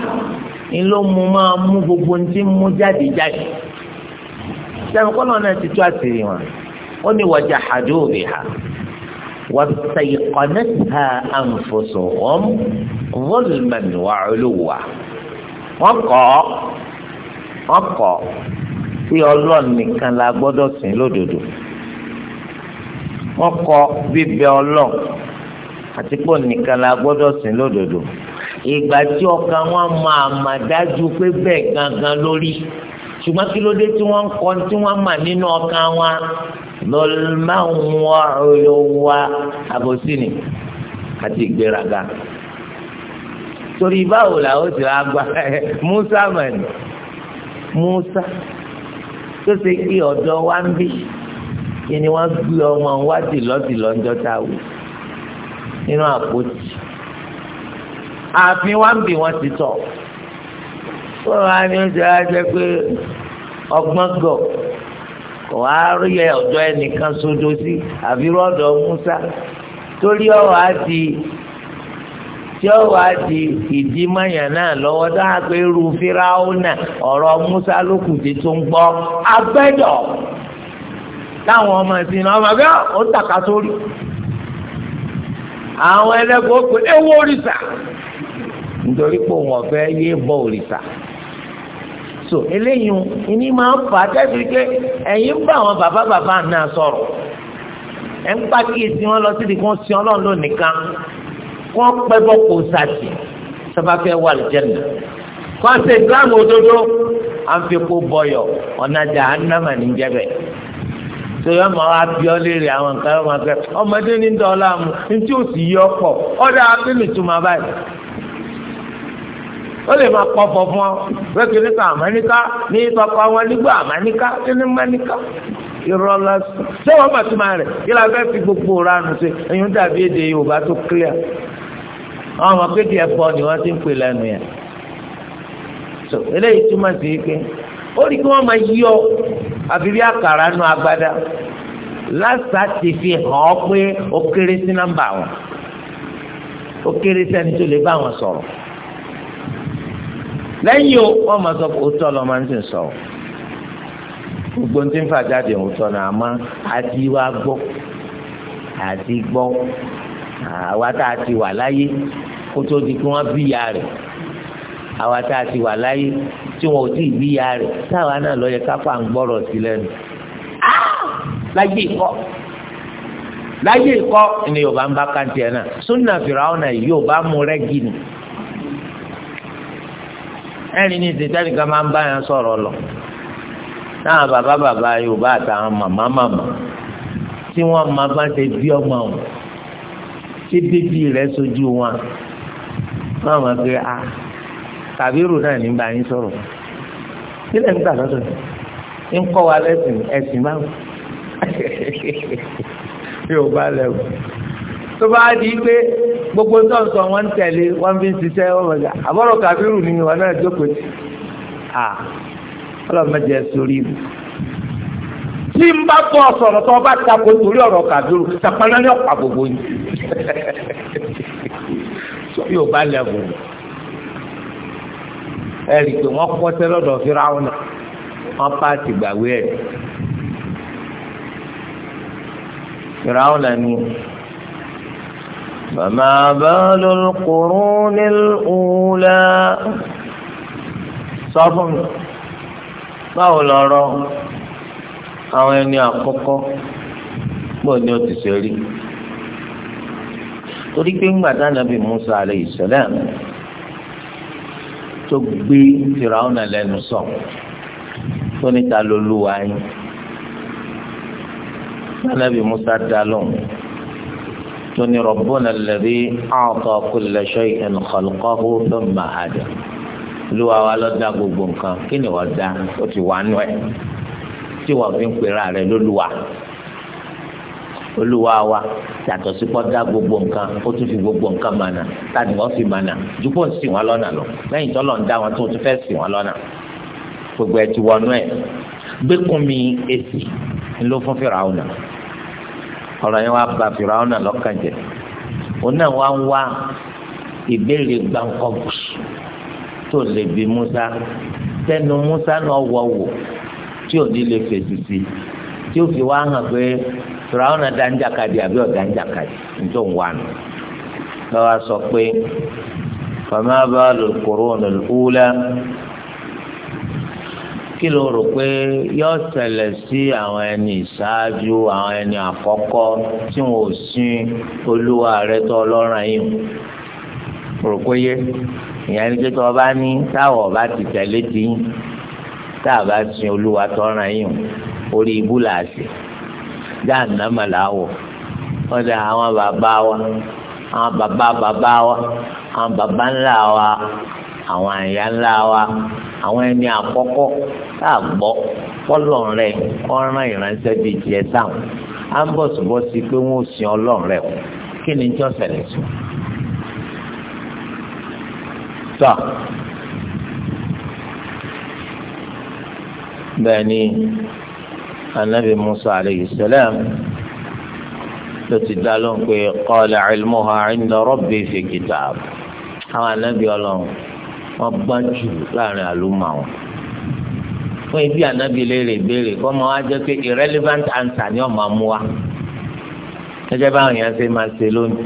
ni ló mú máa mú gbogbo ní ti mú jáde jáde sẹ́nu kọ́nà náà ti tú àṣírí wọn ó ní wọ́jà àdóòbí ha wàtàyíkọ̀nẹ́tà ànfọ̀sọ̀wọ́m vọ́lùmẹ̀nùwà olówà wọ́n kọ́ wọ́n kọ́ pé ọlọ́run nìkan la gbọ́dọ̀ sìn lódodo wọ́n kọ bíbẹ ọlọ́ọ̀ àti pò nìkan la gbọ́dọ̀ sìn lódodo ìgbà tí ọkàn wọn máa mà dájú pé bẹ́ẹ̀ gangan lórí ṣùgbọ́n kí ló dé tí wọ́n ń kọ tí wọ́n mà nínú ọkàn wọn lọ́lọ́mọ́ ọ̀yọ́wà àbòsí ni àti ìgbéraga torí báwo làwọn ti wá gba Musa mọ̀ ní Musa tó ṣe kí ọ̀dọ́ wa ń bí kí ni wọ́n gbé ọmọ wa tìlọ́tìlọ́ ń jọta wò nínú àpótí ààfin wa ń bì wọ́n ti tọ̀ wọ́n wá ní oúnjẹ ajẹ́ pé ọgbọ́n gọ̀ kò wá rí ọ̀dọ́ ẹnìkan sodo sí àbí rọ́ọ̀dọ̀ Musa torí ọ̀rọ̀ á tí ó wá ìdí mayàn náà lọ́wọ́ dáhà pé irú fíráúnà ọ̀rọ̀ Musa lókùtì tó ń gbọ́ agbẹ́dọ̀ táwọn ọmọ ẹ̀sìn náà ọmọ bẹ́ẹ̀ ó tàka sórí àwọn ẹlẹ́gbẹ́ ó pè éwó òrìṣà nítorí pé òun ọ̀fẹ́ yé bọ òrìṣà so eléyìí ìní máa ń fà á tẹ́sí pé ẹ̀yin ń bá àwọn bàbá bàbá náà sọ̀rọ̀ ẹ̀ ń pàkíyèsí wọn lọ síbi kí wọ́n sin ọlọ́run lónìí kan kí wọ́n pẹ́ bọ́ kó sàtì sábà wà lìjẹ́nà kọ́ńtẹ̀ ìsìlámù òdodo à ń fi kó bọyọ̀ ọ̀nàjà ànámà níjẹ́bẹ̀. tòyọ́ ọmọ wa bí ọ àwọn nǹkan ọmọ akẹ́ ọmọdé ní dọ́là mu ntí sì yọ pọ̀ abínú báyìí ó lè máa fún ọ ní nígbà irọ́ lásán ṣé wọ́n rẹ̀ kí la fẹ́ fi gbogbo sí ẹ̀yìn dàbí èdè Yorùbá tó clear àwọn ọmọ ẹ̀fọ́ ni wọ́n ti ń pè lẹ́nu yẹn so eléyìí ó rí kí wọ́n máa yí ọ àfi bí àkàrà nu agbada lásà ti fi hàn ọ́ pé ó kéré sí nọ́mbà wọn ó kéré sẹ́ni tó lè bá wọn sọ̀rọ̀ lẹ́yìn o wọ́n máa sọ pé òótọ́ lọ́ọ́ máa ń sìn sọ̀rọ̀ gbogbo ń ti ń fà jáde òótọ́ náà àmọ́ àti wá gbọ́ àti gbọ́ àwa tá a ti wà láyé kó tó di kí wọ́n bí ya rẹ̀ àwa tá a ti wà láyé tí wọn ò tí ì bí ya rẹ̀ táwa náà lọ yẹ káfà ń gbọ́rọ̀ sí lẹ́nu. láyé ìkọ́ láyé ìkọ́ ni yorùbá ń bá kàǹtì ẹ̀ náà súnà fìràwọ̀nà yorùbá mú rẹ́gì ni. ẹ̀rín ní ìsìtẹ́nì kan máa ń bá yẹn sọ̀rọ̀ lọ. táwọn bàbá bàbá yorùbá àtàwọn màmá màmá tí wọ́n máa bá ṣe bí ọmọ wọn tí bíbí rẹ̀ sojú wọn. wọ́n máa gbé a. Ah, kàbírù náà ní bá yín sọ̀rọ̀ kí lẹ́yìn gbà lọ́dọ̀ ń kọ́ wa lẹ́sìn ẹ̀sìn báwo yóò bá lẹ́wọ̀ tó bá di pé gbogbo sọ̀nsọ̀ wọn ń tẹ̀lé wọn fi ń ṣiṣẹ́ wọn mọ̀ sí àbọ̀rọ̀ kàbírù ni wọn náà jókòó sí à ọlọ́mọdé sórí ibù tí n bá bọ̀ sọ̀rọ̀ tó bá tako torí ọ̀rọ̀ kàdúró sàpẹ́lẹ́ ní ọ̀pá gbogbo yìí yóò bá lẹ́bùn ẹ̀rí pé wọ́n kọ́sẹ́ lọ́dọ̀ fíráwọn náà wọ́n pààtì gbàgbé ẹ̀. fíráwọn náà ni bàmà bàálù kùrú nílùúlà sọ fún mi báwo lọ̀rọ̀ àwọn ẹni àkọ́kọ́ pọ̀ ni ó ti ṣe rí torí pé ńgbà tá nàbì Musa alayhi salam tó gbé fìràwọnà lẹ́nu sọ tó níta lóluwà yín anabi musa dalóhùn tó ní rọ̀bùnà lẹ́bí àwọ̀tọ̀ kulẹ̀ ṣẹ́yìn ẹnu kọ̀lùkọ́hù tó mà á dà lóluwà wa ló dá gbogbo nǹkan kí ni wọ́n dá ó ti wà nù ẹ̀ tí wọ́n fi ń pera rẹ̀ lóluwà olúwa wa yàtọ̀ sí kọ́ dá gbogbo nǹkan ó tún fi gbogbo nǹkan mànà tani wọ́n fi mànà dúpọ̀ ń sìn wọ́n lọ́nà lọ lẹ́yìn tọ́lọ̀ ń dá wọn tó tún fẹ́ sìn wọ́n lọ́nà gbogbo ẹ̀ ti wọnú ẹ̀ gbẹ́kùnmi èsì ló fún fìràwọ̀nà ọ̀rọ̀ yẹn wá ba fìràwọ̀nà lọ́kàn jẹ́ òun náà wá ń wá ìbéèrè gbàǹkọ̀gbù tó lè bi Musa tẹnu Musa náà wọ̀ wò tí ò ní lè fèsì sí tí ó fi wá hàn pé fìràwọn náà dáńjàkadì àbí ọ̀dáńjàkadì nítorí òun wà nù lọ́wọ́ sọ pé fama balul qurunil kí ló rò pé yóò ṣẹlẹ̀ sí àwọn ẹni ìṣáájú àwọn ẹni àkọ́kọ́ tí wọn ò sin olúwa rẹ tó ọlọ́run yìí rò pé yé ìyẹn ní pé tó o bá ní ti tẹ̀lé ti yín orí ibú làásì jáànámà làwọ̀ wọ́n dẹ àwọn bàbá wa àwọn bàbá bàbá wa àwọn bàbá ńlá wa àwọn àyà ńlá wa àwọn ẹni àkọ́kọ́ tá a gbọ́ fọlọ́n rẹ ọ̀ràn ìránṣẹ́ bíi tiẹ̀ sáwọn à ń bọ̀sibọ́sí pé wọ́n ò sin ọlọ́run rẹ kí ni jọ́ ṣẹlẹ̀ sùn. tọ́ bẹ́ẹ̀ ni anabi musa aleyhi salam ló ti dá lóhùn pé qala ilmuha inda rabbi fi kitab àwọn anabi ọlọ́run wọ́n gbọ́n jù láàrin àlùmọ́ wọn fún ibi anabi léèrè béèrè kọ́ máa wá jẹ́ pé irrelevant answer ni ọ̀ máa mú wa gẹ́gẹ́ báwọn èèyàn ṣe máa ṣe lónìí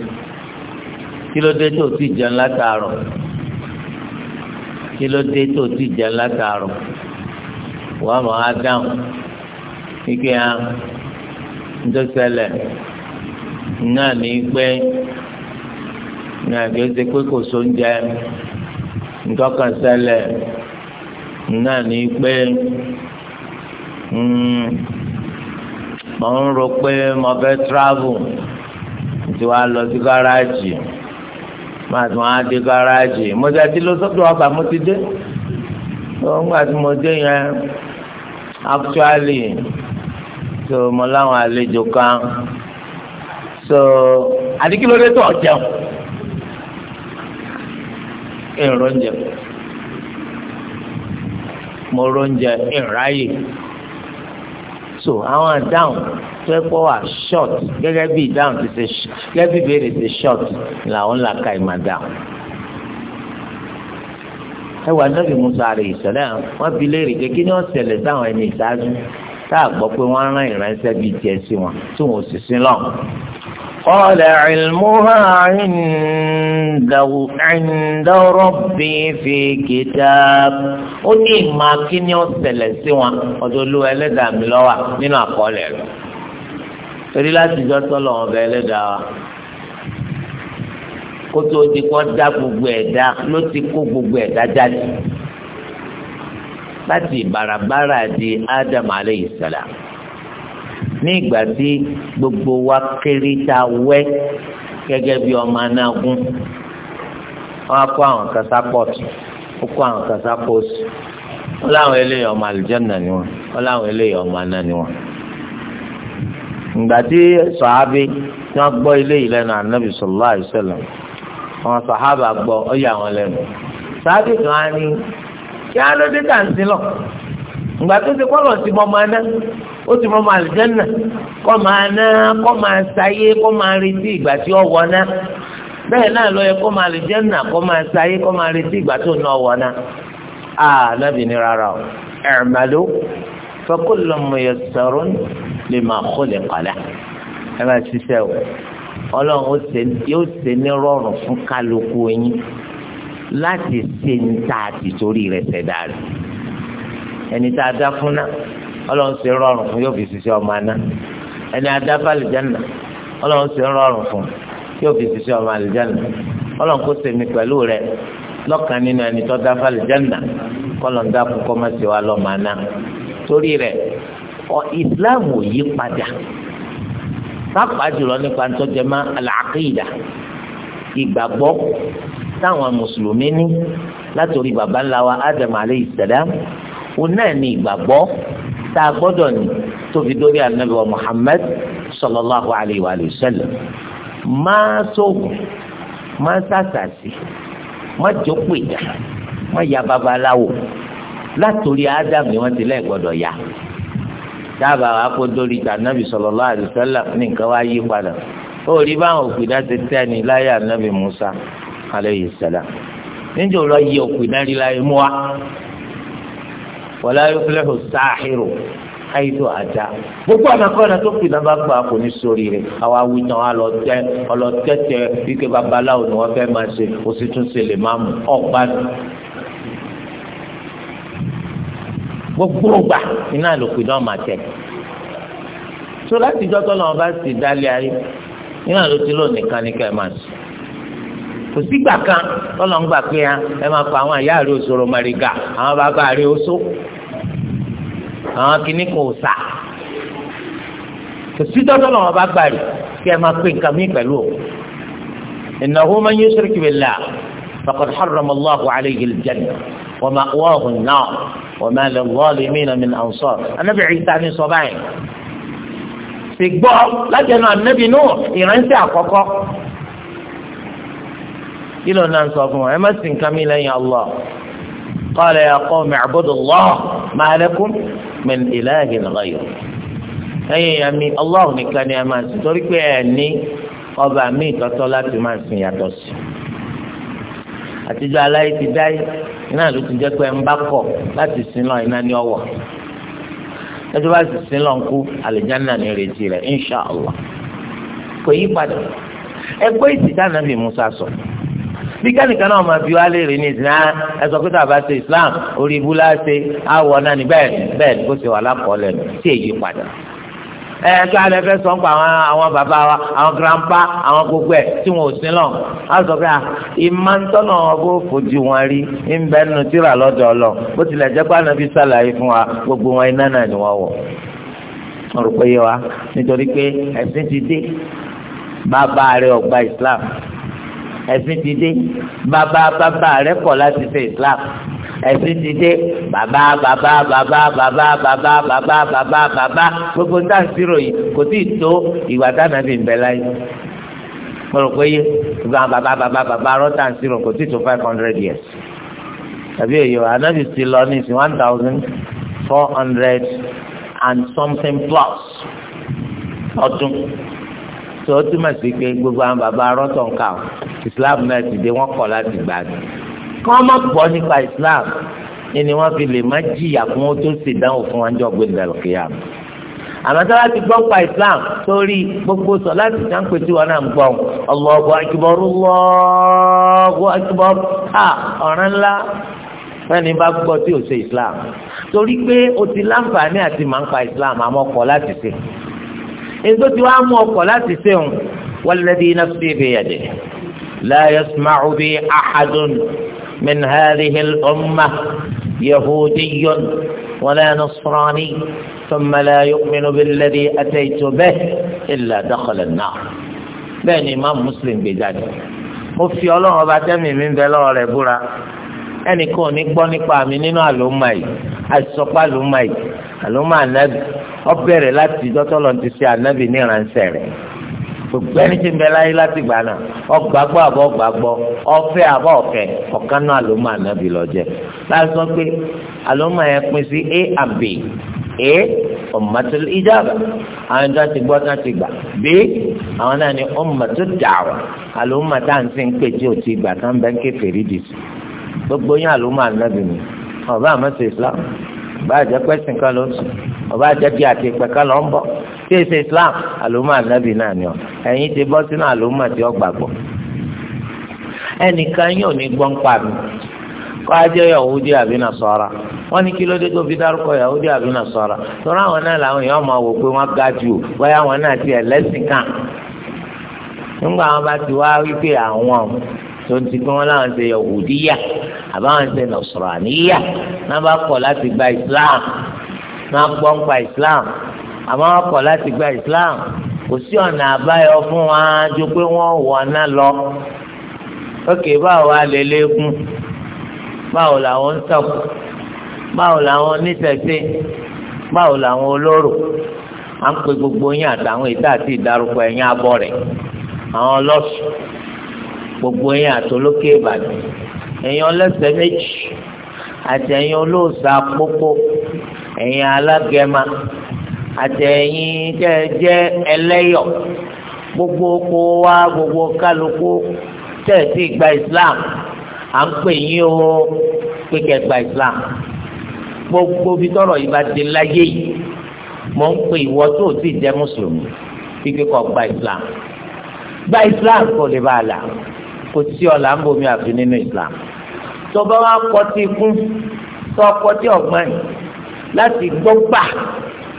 kí ló tó ti jẹun látàárọ̀ kí tó ti jẹun látàárọ̀ wọ́n máa dáhùn ike ya ntọ́sẹ̀lẹ̀ náà ní pé ní àgbẹ̀sẹ̀ pé kò sóúnjẹ ntọ́kànsẹ̀lẹ̀ náà ní pé mo hmm, ń ro pé mo fẹ́ travel tí wàá lọ sí gáràjì máa tún á dé gáràjì mo ti àti lọ sọ́dọ̀ ọgbà mo ti dé wọ́n gbà tí mo dé yẹn actually so mo láwọn àlejò kan so àdìkílódé tó jẹun èrò ń jẹ mo róúnjẹ ìráyè so àwọn àdáhùn tó ẹ̀kọ́ wà short gẹ́gẹ́ bí ìdáhùn ti ṣe gẹ́gẹ́ bí ìbéèrè ti short làwọn là ka ìmọ̀ dáhùn. ẹ wà nọ́ọ̀bì Musa àrè ìṣẹ̀lẹ̀ wọn fi léèrè pé kí ni wọ́n ṣẹlẹ̀ sáwọn ẹni ìṣáájú tá a gbọ́ pé wọ́n rán ìránṣẹ́ bíi tiẹ̀ sí wọn tí wọn sì sin lọ. قال علمها عند عند ربي في كتاب ó ní ìmọ̀ akíní ó ṣẹlẹ̀ sí wọn ọ̀dọ̀ olú ẹlẹ́dàá mi lọ́wọ́ nínú àkọọ́lẹ̀ rẹ̀ torí láti jọ sọ́lọ̀ ọ̀bẹ ẹlẹ́dàá wa kótó ti kọ́ dá gbogbo ẹ̀dá ló ti kó gbogbo ẹ̀dá jáde. láti barabara di Adam aleyhi salam ní gbogbo wa kéré tá a wẹ́ bí ọmọ anágún wọ́n àwọn kan sápọ̀tù ó àwọn kan sápọ̀tù wọ́n láwọn eléyìí ọmọ àlùjànnà ni wọ́n wọ́n láwọn eléyìí ọmọ aná ni wọ́n. ìgbà tí kí á ló dé tàǹtí lọ ìgbà tó ti kọ́lọ̀ sí mọ́ máa ná ó ti mọ́ máa àlùjẹ́nà kọ́ máa ná kọ́ máa sáyé kọ́ máa retí ìgbà tí ó wọ̀ ná bẹ́ẹ̀ náà lọ yẹ kọ́ máa àlùjẹ́nà kọ́ máa sáyé kọ́ máa retí ìgbà tó ná wọ̀ ná a nàbì ní rárá o i'malu fa kullun muyassarun lima khuliqa lahu ẹ máa ṣiṣẹ́ o ọlọ́run yóò ṣe ní rọrùn fún kálukú yín láti ṣe ní tá a ti torí rẹ̀ ṣẹ̀dá rẹ̀ ẹni tá a dá fún náà ọlọ́run ṣe rọrùn fún yóò fi ṣiṣẹ́ ọmọ aná ẹni adá fàlìjánà ọlọ́run ṣe rọrùn fún yóò fi ṣiṣẹ́ ọmọ àlìjánà ọlọ́run kó sèmi pẹ̀lú rẹ̀ lọ́kàn nínú ẹni tó dá fàlìjánà kọ́lọ̀ ń dá fún kọ́ máa ṣe wá lọ́mọ aná torí rẹ̀ ọ Islam ò yí padà pàápàá jùlọ nípa ntọ́jẹ́má al-aqida ìgbàgbọ́ táwọn mùsùlùmí ní látòrí baba ńlá wa Adam aleyhi salam òun náà ní ìgbàgbọ́ tá a gbọ́dọ̀ ní tóbi dórí anabi wa Muhammad sallallahu alayhi wa sallam máa sóògùn máa sàṣàṣì máa jókòó ìjà máa ya babaláwo látòrí Adam ni wọ́n ti lẹ́ẹ̀ gbọ́dọ̀ ya dábàá wa kó dórí anabi sallallahu alayhi wa sallam ní nǹkan wá yí padà ó rí báwọn òpìdá ti tẹ́ ni láyé anabi Musa. aleyhi salam níjẹ́ òun lọ yí òkú iná rí láyé àjà gbogbo àmàkọ́nà tó kù náà bá gbà kò ní sórí rẹ̀ àwa wíjọ alọ́tẹ́ ọlọ́tẹ́tẹ́ wíkẹ́ babaláwo ni gbogbo náà máa tó láti bá sì dálé ayé iná ló ti kò sígbà kan tọ́lọ̀ ń gbà pé ya ẹ máa pa àwọn àyá rẹ òṣòro màrìgà àwọn bàbá rẹ oṣó àwọn kìnnì kan ò sà kò sí tọ́tọ́ lọ́wọ́ bá gbà rè kí ẹ máa pè nǹkan mí pẹ̀lú o innahu man yushrik billah faqad harrama Allahu alayhi al-jannah wa ma'wahu an-nar wa ma lil-zalimina min ansar anábì Ìsá ni sọ báyìí ṣègbọ́ láti ẹnu kí ló náà ń sọ fún wa ẹ má Allah ma lakum min ilahin ghayruh ya mi Allah nìkan ni ẹ máa sìn torí pé ẹ ní ọba mi ìtọ́tọ́ láti máa sìn sí àtijọ́ aláyé ti dá iná ló ti jẹ́ pé ń bá kọ̀ láti sin lọ iná ní ọwọ́ ẹjọ́ bá sì sin lọ ń kú àlìjáná ní ìrètí rẹ̀ inṣàlá Musa sọ. bí kẹ́nìkan náà máa fi wá léèrè ní ìsìn náà ah, ẹ pé tàbá ṣe islam orí ibú láṣẹ àwọ̀ náà ní bẹ́ẹ̀ bẹ́ẹ̀ ni kò ṣe wà lákọọ́lẹ̀ tí èyí padà ẹ kí alẹ́ fẹ́ sọ ń pa àwọn bàbá wa àwọn grandpa àwọn gbogbo ẹ̀ tí wọn ò sin lọ á sọ pé ah, ìmọ̀ntọ́nà ọgbó fojú wọn rí ń bẹ́ẹ̀ nù tíra lọ́dọ̀ ọlọ bó tilẹ̀ jẹ́ pé ànábi sàlàyé fún wa gbogbo wọn iná náà ni wọ́n wọ̀ wọn rò pé yé wa nítorí pé ẹ̀sìn ti dé bàbá Islam ẹ̀sìn ti dé bàbá bàbá rẹ̀ kọ̀ láti ṣe islam ẹ̀sìn ti dé bàbá bàbá bàbá bàbá bàbá bàbá bàbá bàbá gbogbo ń tàǹsírò yìí kò tí ì tó ìwà tánàbí ń bẹ láyé mo rò pé ìgbà bàbá bàbá bàbá rọ tàǹsírò kò tí ì tó five hundred years tàbí èyí o anabi ti lọ ní sí one thousand four hundred and something plus ọdún tó o túmọ̀ sí pé gbogbo àwọn bàbá arọ́tọ̀ ń kà ó islam náà ti dé wọ́n kọ̀ láti gbà á kọ́ mọ̀ pọ̀ nípa islam ni wọ́n fi lè má jìyà fún ó tó ṣèdánwò fún wọn jọ gbẹdẹ̀lùkìyà àmọ́ tí wọ́n ti gbọ́ pa islam sórí gbogbo sọ láti sáńpé tí wọ́n náà ń gbọ́ Allahu akbar Allahu akbar à ọ̀ràn ńlá fẹ́ni bá gbọ́ tí ò ṣe islam torí pé o ti láǹfààní àti máa ń pa islam àmọ́ kọ̀ láti ṣe èso tí wàá mú ọkọ̀ láti sẹ́wọ̀n wàlẹ́dí nafsi bìyàdẹ̀ láyé sùmáwó bíi àhàdùn من هذه الأمة يهودي ولا نصراني ثم لا يؤمن بالذي أتيت به إلا دخل النار بين إمام مسلم بذلك وفي الله بعد من بلغ ربنا ẹnìkan ní gbọ́ nípa mi nínú àlùmọ́ yìí àlùmọ́ yìí àlùmọ́ ànábì láti dọ́tọ́lọ́ ti ṣe ànábì ní rẹ̀ gbogbo ẹni tí ń bẹ láyé láti gbà náà ọgbàgbọ́ àbọ̀ ọgbàgbọ́ ọfẹ́ àbọ̀ ọ̀fẹ́ ọ̀kan náà àlùmọ́ ànábì pé àlùmọ́ yẹn pín sí a and b a ummatul ijaba àwọn ìjọ ti gbọ́ ti gbà b àwọn náà ni ummatud àlùmọ́ ń tí gbogbo yín àlùmọ́ ànábì ni ọba àmọ́sẹ̀ islam ọba àjẹ́ pẹ́sìn kan ló ń sùn ọba àjẹ́ bí àti ìpẹ́ kan ló ń bọ̀ tí èsì islam ọ ẹ̀yin ti bọ́ sínú ẹnìkan yóò ní gbọ́n pa mi kọ́ ajẹ́ àbí wọ́n ní kí ló dé tó fi dárúkọ àbí náà làwọn èèyàn máa wò pé wọ́n ga wáyà wọn náà ti tó ń ti pé wọn láwọn ṣe yahudiya àbáwọn ṣe nasraniya náà bá kọ̀ láti gba islam náà gbọ́ ń pa islam àmọ́ wọn kọ̀ láti gba islam kò sí ọ̀nà àbáyọ fún wa ju pé wọ́n wọ̀ ọ́nà lọ ókè báwo a lè lékún báwo làwọn ń sọ̀kù báwo làwọn onítẹ̀sí báwo làwọn olóró à ń pe gbogbo yín àtàwọn ìta àti ìdarúkọ ẹ̀yìn abọ́ rẹ̀ àwọn ọlọ́sùn gbogbo ẹ̀yin àtolókè ìbàdàn ẹ̀yin ọlẹ́sẹ̀ méjì àti ẹ̀yin olóòṣà pópó ẹ̀yin alágẹ̀mà àti ẹ̀yin tẹ́ jẹ́ ẹlẹ́yọ̀ gbogbo kó wá gbogbo kálukú tẹ̀ sí gba islam à ń pè yín o pé kẹ́ gba islam gbogbo bí tọrọ yìí bá di láyé yìí mọ̀ ń pè ìwọ tó o ti jẹ́ mùsùlùmí kíkẹ́ kọ́ gba islam gba islam kò lè bá a là. kò sí ọ̀la ń bomi àfi nínú Islam tọba wa kọtí kún tọ kọtí yìí láti gbọ́ gbà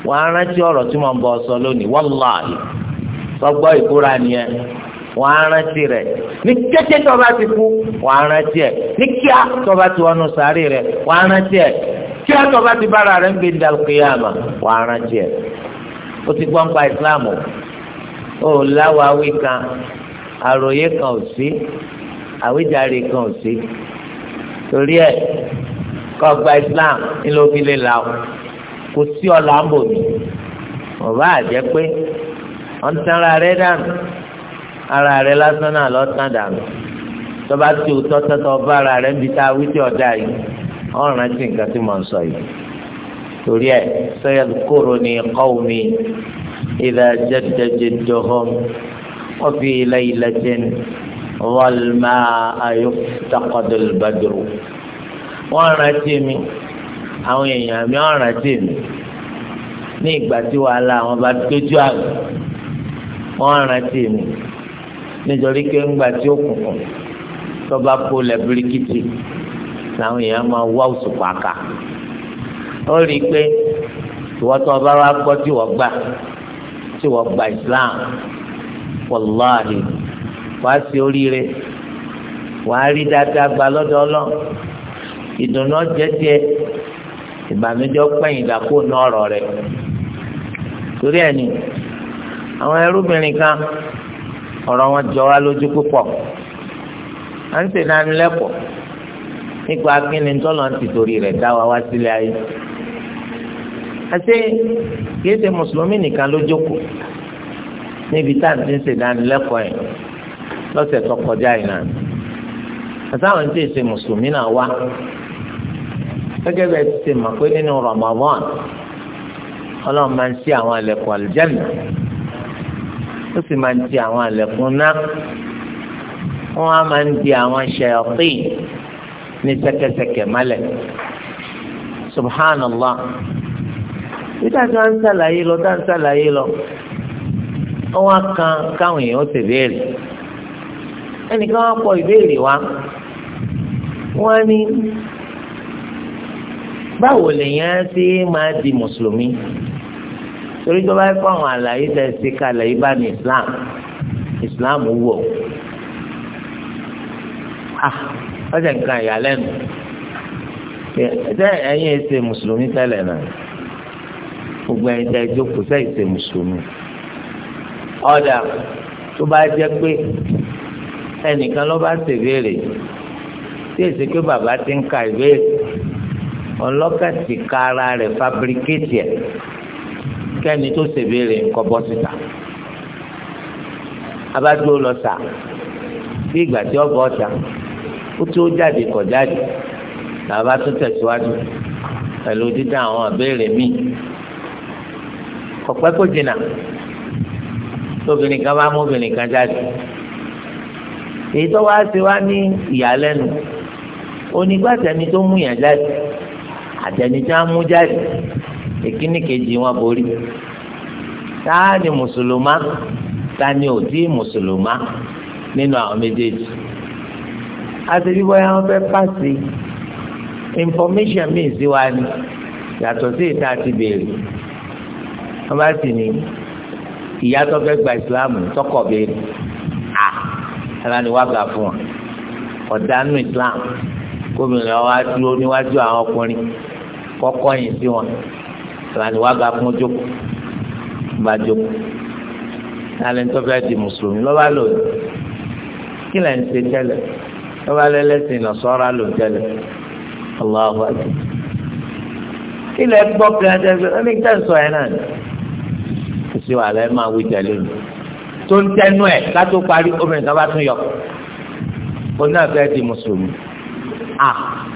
wọn arántí ọ̀rọ̀ tí mo ń sọ lónìí wàláhì sọgbọ́ ìkúra nìyẹn rẹ ní kété tọba ti kú wọn arántí ẹ̀ ní kíá tọba ti wọnú sàárì rẹ tọba ti bára rẹ ń gbé dàlùkìyàmà o ti gbọ́ ń pa kan. àròyé kan ò sí àwíjàre kan ò sí torí ẹ kọgbà Islam ńlọfílẹ la o kò sí ọlà ń bò mí ọba àjẹ pé wọn tán ara rẹ dànù ara rẹ lásán náà lọ tán dànù tọba tí o tọ́tọ́tọ́ bá ara rẹ níbi tá a wí tí ọ̀dà yìí ọ̀ràn tí nǹkan tí mo ń sọ yìí torí ẹ sayadhkuruni qawmi idha jadda jadduhum. وفي ليلة والماء يفتقد البدر وانا تيمي àwọn èèyàn mi ọ̀ràn tì mí ní ìgbà tí wàhálà àwọn bá dojú àmì wọn ọ̀ràn tì mí nítorí pé ńgbà tí òkùnkùn tó bá polẹ̀ birikiti làwọn èèyàn máa wá òṣùpá ká ó rí i pé ìwọ́tọ̀ bá wá gbọ́ tí wọ́n gbà tí wọ́n gba Islam wàláhì wàá sí oríire wàá rí dáadáa gba lọ́dọ̀ ọlọ́ ìdùnnú jẹ́jẹ́ ìbànújẹ́ pẹ̀yìn dàkó ní ọ̀rọ̀ torí ẹ̀ ni àwọn ẹrúbìnrin kan ọ̀rọ̀ wọn jọ wá lójú púpọ̀ à ń ṣèdánilẹ́kọ̀ọ́ nípa kíni tọ́lọ̀ ń tìtorí rẹ̀ dá wa wá sílé ayé àti kìí ṣe mùsùlùmí nìkan ló níbi tá à ń ti ń ṣèdánilẹ́kọ̀ọ́ yẹn lọ́sẹ̀ tó kọjá yìí náà àtàwọn tí èsè mùsùlùmí náà wá gẹ́gẹ́ bẹ́ẹ̀ ti ṣe mọ̀ pé nínú Ramadan ọlọ́run máa ń ṣí àwọn àlẹ̀kùn àlùjánnà ó sì máa ń ti àwọn àlẹ̀kùn náà wọ́n á máa ń di àwọn ṣẹ̀yọ̀pìn ní sẹ́kẹsẹ̀kẹ̀ mọ́lẹ̀ subhanallah bí dáadáa ń sàlàyé lọ dáa ń sàlàyé lọ ọwọ́ kan káwọn èèyàn ṣe béèrè ẹnìkan wá pọ̀ ìbéèrè wa wọ́n ní báwo lèèyàn ṣe máa di mùsùlùmí torí tó bá fọ àwọn àlàyé tẹ̀ ṣe kalẹ̀ yìí bá ní Islam Islam wọ̀ ah ọjà nǹkan ìyàlẹ́nu ṣe ẹ̀yin ṣe mùsùlùmí tẹ́lẹ̀ náà gbogbo ẹ̀yin tẹ́ jókòó sẹ́yìn ṣe mùsùlùmí ọ̀dà tó bá jẹ́ pé ẹnìkan ló bá ṣèbéèrè tí èsì pé bàbá ti ń ka ìbéèrè ọlọ́kàtì ka ara rẹ̀ fabricate ẹ̀ kẹ́ni tó ṣèbéèrè nǹkan bọ́ síta abájú lọ sà bí ìgbà tí ọgbà ọ̀tà ó tó jáde kọ̀ jáde làbá tó tẹ̀síwájú pẹ̀lú dídá àwọn àbẹ́rẹ́ míì kọ̀pẹ́ kò jìnnà tóbìnrin kan bá mú obìnrin kan jáde èyí tó wá sí wá ní ìyàlẹ́nu onígbàtẹ́ni tó mú yàn jáde àtẹni tí wọ́n mú jáde ìkíní kejì wọn borí táà ni mùsùlùmá táà ni òdì mùsùlùmá nínú àwọn méjèèjì àti bí bóyá wọn fẹ́ pàṣẹ information míì sí wa ni yàtọ̀ sí ìta àti béèrè wọn bá sì ní ìyá tó fẹ́ gba ìsìláàmù tọkọ béèrè à ara ni wàá gbà fún ọ ọ̀dánù islam gómìnà wa dúró níwájú àwọn ọkùnrin kọ́kọ́ yìí sí wọn ara ni wàá gbà fún jókòó bá jókòó alẹ́ tó fẹ́ di mùsùlùmí lọ́ba lòdì kí lẹ́ ń ṣe tẹ́lẹ̀ lọ́ba lẹ́lẹ́sìn nàṣọ́ra lòdì tẹ́lẹ̀ Allahu akbar kí lẹ́ gbọ́ kí lẹ́ ń sọ ẹ̀ náà sí wàhálà ẹ máa wí tẹ̀lé mi tó ń tẹnu ẹ̀ látó parí obìnrin kan bá tún yọ ó náà fẹ́ di mùsùlùmí à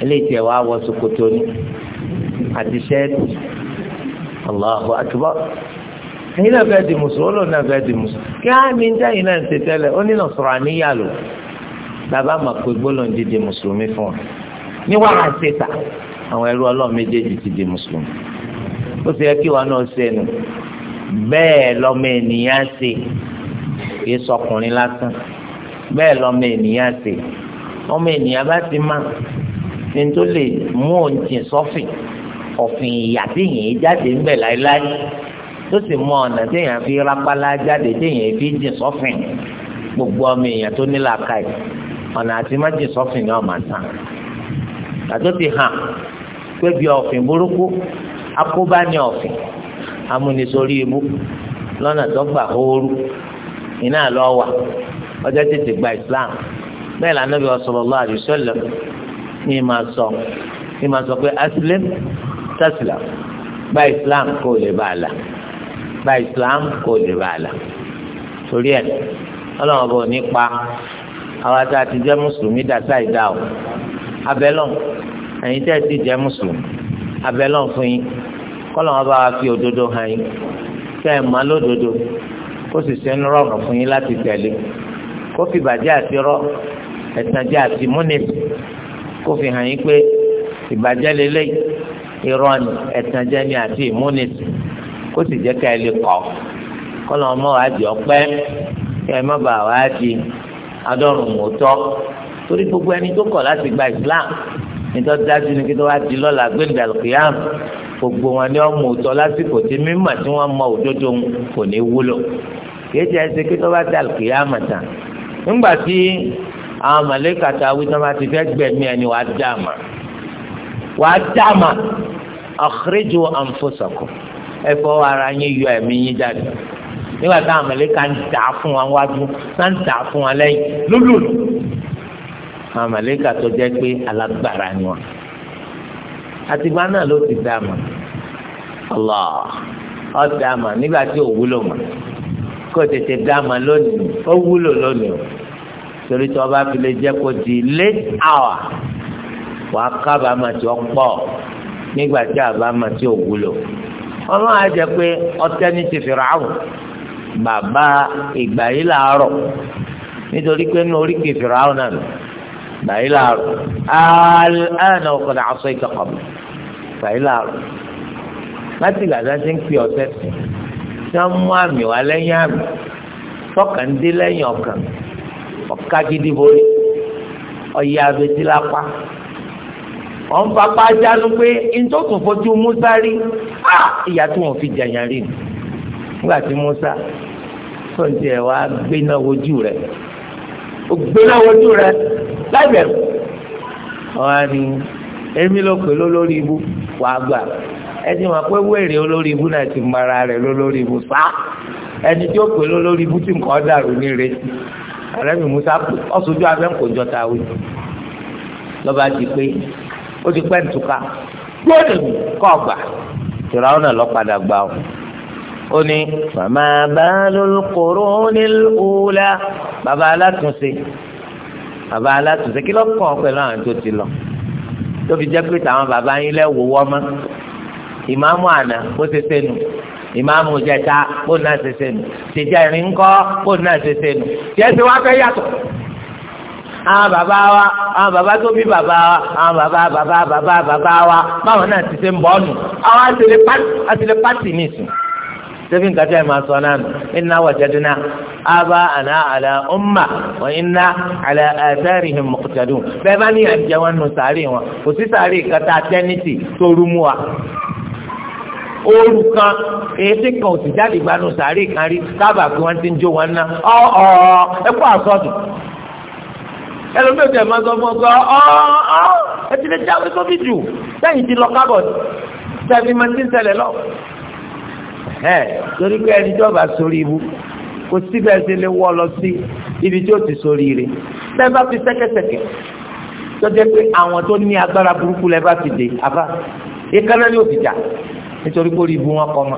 eléyìí tẹ̀ wá wọ ṣòkòtò ni àti ṣẹ́ẹ̀tì Allahu akbar ẹ̀yin náà fẹ́ di mùsùlùmí olóòórùn náà fẹ́ di mùsùlùmí kí á ní dẹ́yìn náà ń ṣe tẹ́lẹ̀ ó ní Nasraniya lò bàbá mà pé gbólóhùn di mùsùlùmí fún ọ ní wàhálà ṣèta àwọn ẹrú ọlọ́ọ̀ méjèèjì ti di mùsùlùmí ó ti yẹ kí wọn náà ṣe é nù bẹ́ẹ̀ lọ́mọ ènìyàn ṣe kì í sọkùnrin lásán bẹ́ẹ̀ lọ́mọ ènìyàn ṣe ọmọ ènìyàn bá ti má ní tó lè mú òǹtì sọ́fìn ọ̀fìn ìyà tí yìnyín jáde ń bẹ̀ láéláé tó sì mọ ọ̀nà tí èèyàn fi rápálá jáde tí èèyàn fi jìn sọ́fìn gbogbo ọmọ èèyàn tó ní làákàyè ọ̀nà àti má jìn sọ́fìn ni ọ̀mà tán àtó ti hàn pé bí ọ̀fìn burúkú akóbá ní ọ̀fìn amúnisórí ibú lọ́nà tó gbà ooru iná lọ wà ọjọ́ gba islam bẹ́ẹ̀ lànàbí sallallahu alaihi ní ma sọ ní sọ pé gba islam kò lè bá a la gba islam kò lè bá mùsùlùmí dàtà ìdá o ẹ̀yin tẹ́ ẹ ti jẹ́ kọ́lọ̀ wọn bá wa fi òdodo hàn yín kẹ́ ẹ̀ má lódodo kó sì ṣe ń rọrùn fún yín láti tẹ̀lé kó fi ìbàjẹ́ àti rọ ẹ̀tànjẹ́ àti múni kó fi hàn yín pé ìbàjẹ́ lélẹ̀ irọ́ ni ẹ̀tànjẹ́ ni àti ìmúni kó sì jẹ́ ká ẹ lè kọ́ kọ́lọ̀ wọn bá wa di ọpẹ́ kẹ́ ẹ má bàa wá di adọ́rùn mọ́tọ́ torí gbogbo ẹni tó kọ̀ láti gba Islam nítorí dájú ni kí tó wá di lọ́la gbẹ̀ndàlùkìyàmù gbogbo wọn ni wọn mọ òótọ́ lásìkò tí mímọ̀ tí wọn mọ òdodo kò ní wúlò kéde ẹsẹ kí bá dà kìyà màtà nígbà tí àwọn màlẹ́kà tá a wí tó bá ti fẹ́ gbẹ̀mí ẹni wàá dà mà wàá dà mà akhrijū anfusakum ẹ fọwọ́ ara yín yọ ẹ̀mí yín jáde nígbà táwọn màlẹ́kà ń dà fún wa wájú náà ń dà fún wa lẹ́yìn lólùlù àwọn màlẹ́kà tó jẹ́ pé alágbára ni wọn àtìgbà náà ló ti dá mà ọlọ ọdá mà nígbà tí ò wúlò mà kó tètè dá mà lónìí ó wúlò lónìí o torí tí wọn bá fi lè jẹ kó di late hour wàá kábàámà tí ó pọ̀ nígbà tí àbámà tí ò wúlò ọmọ àjẹ pé ọtẹ ní ti fìrà áwò bàbá ìgbà yìí làárọ̀ nítorí pé ní oríkèé fìrà áwò náà gbà làárọ̀ àlẹ́ àná ọkọ̀ dà aṣọ ìkẹ́kọ̀ọ́ fàyè làárọ̀ láti ìgbàdá ti ń pè ọ̀sẹ̀ sí tí wọ́n mú àmì wá lẹ́yìn àmì tọkàn dé lẹ́yìn ọ̀kan ọ̀ka gidi borí ọ̀yẹ́ abẹ́tí lápá wọn fapá jánu pé ntòkùn fojú Musa rí a ìyá tí wọn fi jẹyàn rí ni nígbà tí Musa sọ̀tì ẹ̀ wá gbéná wojú rẹ̀ ó gbéná wojú rẹ̀ láìbẹ̀rù wọn ni èmi ló pè lólórí ibú wàá gbà ẹni wọn pé wéèrè olórí ibú náà ti mara rẹ̀ lólórí ibú sá ẹni tí ó pè lólórí ibú tí nǹkan dàrú ní retí àrẹ́mi musa ọ̀ṣojú abẹ́ǹkọ̀jọ tàwé lọ́ba ti pé ó ti pẹ́ ntùkà gbọ́dọ̀ kọ́ ọ̀gbà tìrọ̀ ọ̀nà lọ́padà gbà ọ́ ó ní màmá balùkòrò nílùúlà bàbá alátúnṣe bàbá alátúnṣe kí ló kàn pẹ̀lú àwọn tó ti lọ tó fi jẹ́ pé tàwọn bàbá yín lẹ́wọ̀ wọ́mọ́ ìmáàmù àná bó ṣe ṣe nù ìmáàmù jẹta bó náà ṣe nù tìjà ìrìn ńkọ́ náà ṣe nù jẹ́sí wá fẹ́ yàtọ̀. àwọn bàbá wa àwọn bàbá tó bí bàbá wa àwọn bàbá bàbá bàbá bàbá wa báwọn náà ti ṣe ń bọ́ nù àwọn àtìlẹ́pàtì nìsín sẹ́bí nǹkan tí a máa sọ náà nù inna wajadna ábá àná àlà umma wa inna àlà atharihim muqtadun bẹ́ẹ̀ bá ní àjẹ wọn nù sàárè wọn kò sí sàárè kata tẹ́nìtì tó rú mu wa ooru kan èyí kan ò sì jáde gbanú sàárè kan rí kábà pé wọ́n ti ń jó wọn ná ọ̀ ọ̀ ẹ kó àsọdùn ẹlòmíì ò tẹ̀ máa sọ fún ọ pé ọ̀ ọ̀ ẹ ti lè jáwé sóbì jù sẹ́yìn ti lọ kábọ̀ sẹ́yìn máa ti ń ṣẹlẹ̀ lọ torí pé ẹni tó bá sórí ibu kò síbẹ̀ ṣe lè wọ́ lọ sí ibi tí ó ti sórí rẹ̀ bẹ́ẹ̀ bá fi sẹ́kẹ̀sẹ̀kẹ̀ tó jẹ́ pé àwọn tó ní agbára burúkú lẹ́ bá ti dé àbá ìkànnà ni ó ti jà nítorí pé orí ibu wọn kọ́ ma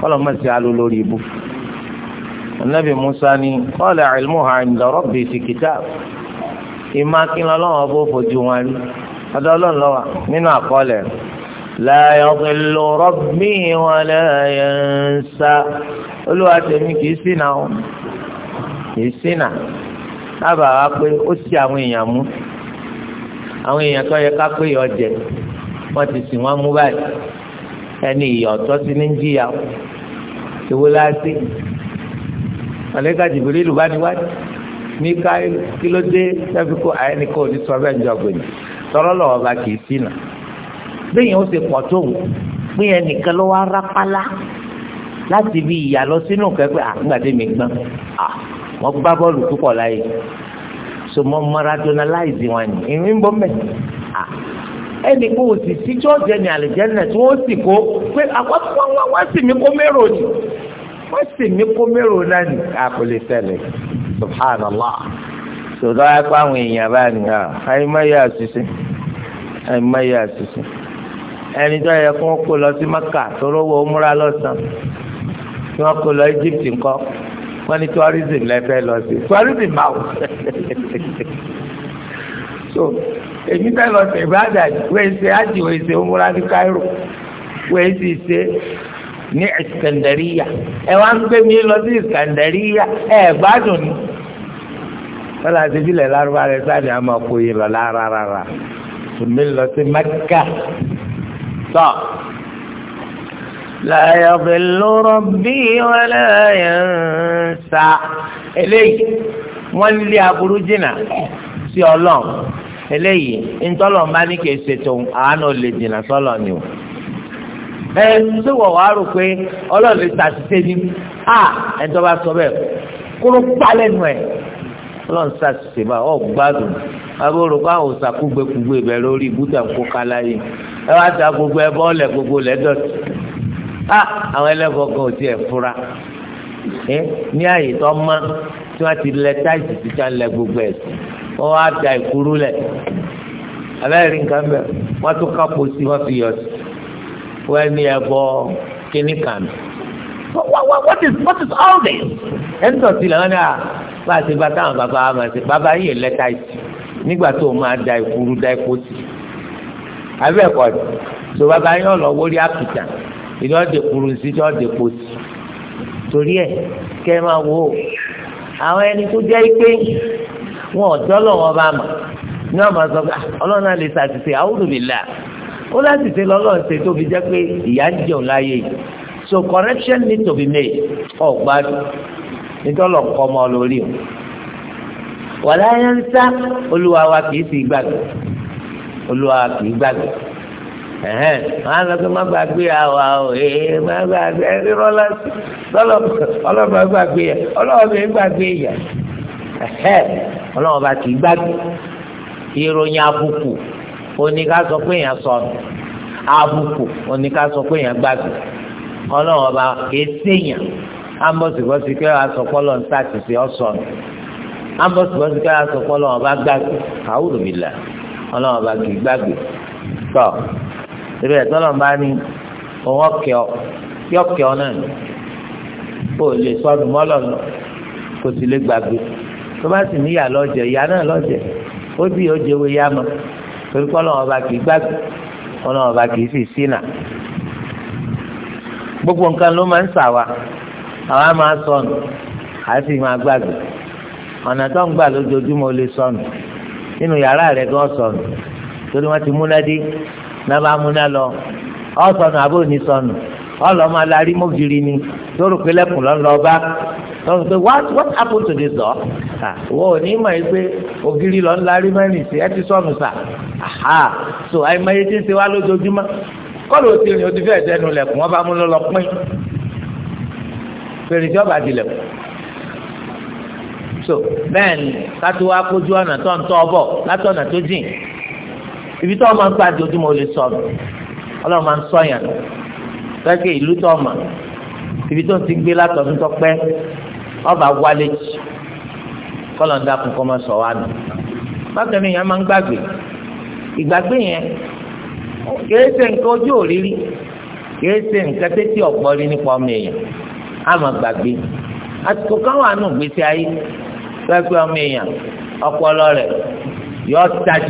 kọ́lọ̀ mọ̀ sí alo lórí ibu anabi musa ni qala ilmuha inda rabbi fi kitab ìmọ̀ akínlọ́lọ́wọ́ bó fojú wọn rí ọ̀dọ́ ọlọ́run lọ́wọ́ nínú àkọọ́lẹ̀ rẹ̀. لا يضل ربي ولا ينسى olúwa tèmi kìí ṣìnà o kìí ṣìnà dábàá wa pé ó sì àwọn èèyàn mú àwọn ẹni ní o bẹ́ẹ̀ yẹn ó ṣe pọ̀ tó pé ẹnìkan ló wá rápálá láti bí ìyá lọ sínú kẹ́kẹ́ àgbàdé mi gbọ́n wọ́n gbá bọ́ọ̀lù púpọ̀ láyé so mọ́ maradonaláìsì wọn ni ìrìn bọ́ mẹ́ ẹnì kò sì sí jọ́ọ̀jẹ́ ní àlìjẹ́nà tí wọ́n sì kó pé àwọn wọ́n sì mí kó mérò ni wọ́n sì mí kó mérò náà ni àkọlé ṣẹlẹ̀ subhanallah sọdọ́ apá àwọn èèyàn bá nìyà àìmọye àṣìṣe àìmọye àṣìṣe. ẹni tó yẹ kó kó lọ maka tóró wo múra lọ́sàn tí wọn kó lọ Egypt ńkọ́ wọn ní tourism lẹfẹ lọ sí tourism máa so èmi fẹ́ lọ sí ìbáàdà wẹ́ẹ́ ájì wẹ́ẹ́ múra ní Cairo wẹ́ẹ́ ṣe ní Iskandariya ẹ wá ń gbé mi lọ sí Iskandariya ẹ gbádùn ni lọ rárá lọ maka. صح لا يضل ربي ولا ينسى eléyìí wọ́n lé aburú jìnnà sí ọlọ́run eléyìí ntọ́lọ́run bá ní ni o. rò pé ọlọ́run lè ṣàṣìṣe ní à bá sọ bẹ́ẹ̀ ẹ̀ ọlọ́run ṣàṣìṣe bá ọ̀ gbádùn lórí ibùdó àkókò aláyé. ẹ wá sa gbogbo ẹ le gbogbo lẹ̀ dọ̀tí ah, àwọn ẹlẹ́fọ̀ọ́ kan ò tiẹ̀ fura ẹ ní àyè tó ti lẹ táìsì títí lẹ gbogbo ẹ̀ sí wá da ìkúrú lẹ̀ abẹ́rẹ́ nǹkan bẹ̀ wọ́n tún kápò wọ́n fi sí kan what is what is all this ẹ̀ ń dọ̀tí na náà ah, bá a ti bá táwọn bàbá wa máa ṣe bàbá yìí lẹ́tà nígbà o máa da ìkúrú da àbí ẹ̀kọ́ ni tó bàbá yín ọ̀lọ́ wórí àkìtà ìdí ọ̀dẹ̀ kuru sí tí ọ̀dẹ̀ kò sí torí ẹ̀ kẹ́ ẹ máa wò ó àwọn ẹni tó jẹ́ pé wọn ọ̀dọ́ lọ́wọ́ bá mà ní ọmọ sọ pé ah, ọlọ́run náà lè ṣàtìṣe àwùjọ mi là ó láti ṣe lọ́lọ́run ṣe tó fi pé ìyá ń jẹun láyé so correction need to be made ọ̀gbádùn nítorí ọ̀kọ́ ọmọ lórí o wàlá yẹn ń sá olúwa wa kì í sì gbàgbọ́ olúwa kì í gbàgbé ẹhẹn máa lọ pé má gbàgbé àwa o ee má gbàgbé ẹni rọlá ọlọ́mọ gbàgbé yẹ ọlọ́mọ gbàgbé yẹ ẹhẹn ọlọ́mọ bá kì í gbàgbé ìròyìn àbùkù òní ká sọ pé èèyàn sọnù àbùkù òní ká sọ pé èèyàn gbàgbé ọlọ́run ọba kìí séèyàn ambọ̀sibọ́sí kẹ́ ẹ sọ pọ́lọ́ ń sàtìsí ọ̀sọ̀nù ambọ̀sibọ́sí kẹ́ ẹ sọ pọ́lọ́ ọba gbàgbé àwùrọ̀ mi là ọlọ́run bá kì í gbàgbé tọ́ ìbẹ̀ tọ́lọ̀ bá ní òun ọ̀kẹ́ ọ kí ọ̀kẹ́ ọ náà kò lè sọnù mọ́lọ̀ lọ kò sì lè gbàgbé tó bá sì níyà lọ́jẹ̀ ìyá náà lọ́jẹ̀ ó dì ó jẹ́ wé yá mọ́ torí pé ọlọ́run bá kì í gbàgbé ọlọ́run bá kì í sì sínà gbogbo nǹkan ló máa ń sà wa àwa máa sọnù àti máa gbàgbé ọ̀nà tó ń gbà lójoojúmọ́ lè sọnù nínú yàrá rẹ̀ gan sọnù torí wọ́n ti múnádé náà bá múná lọ ọ́ sọnù àbó ní sọnù ọlọ máa la rí mọ́gìrì ni lórí pẹlẹ́kùn lọ́nlọ́ba lọ́nà pé what what happened to this door? wọ́n ò ní mọ̀ ẹ́ pé ògiri lọ́n la rí mẹ́rin sí ẹ ti sọnù sà so àìmọye tí ń ṣe wá lójoojúmọ́ kọ́lù òtí rìn òtí fẹ́ẹ̀ dẹnu lẹ̀kùn wọ́n bá mú lọ́lọ́ pín fèrèsé ọ̀bà dilẹ̀kùn so bẹ́ẹ̀ ni kátó wá kójú ọ̀nà tó ń tọ́ bọ̀ látọ̀nà tó jìn ibi tó máa ń gbà di ojúmọ́ olè sọ̀rọ̀ ọlọ́run máa ń sọ̀yàn pẹ́kẹ́ ìlú tó mà ibi tó ń ti gbé látọ̀dún tó pẹ́ ọba wálé jì kọ́lọ̀ ń dákun kọ́ máa sọ wá nù bákan náà yẹn máa ń gbàgbé ìgbàgbé yẹn kìí ṣe nǹkan ojú òrírí kìí ṣe nǹkan tẹ́tí ọ̀pọ̀ rí nípa ọmọ èèyàn á máa gbàgbé àsìkò káwọn àánú gbèsè ayé láti ọmọ èèyàn ọpọlọ rẹ̀ yọ tají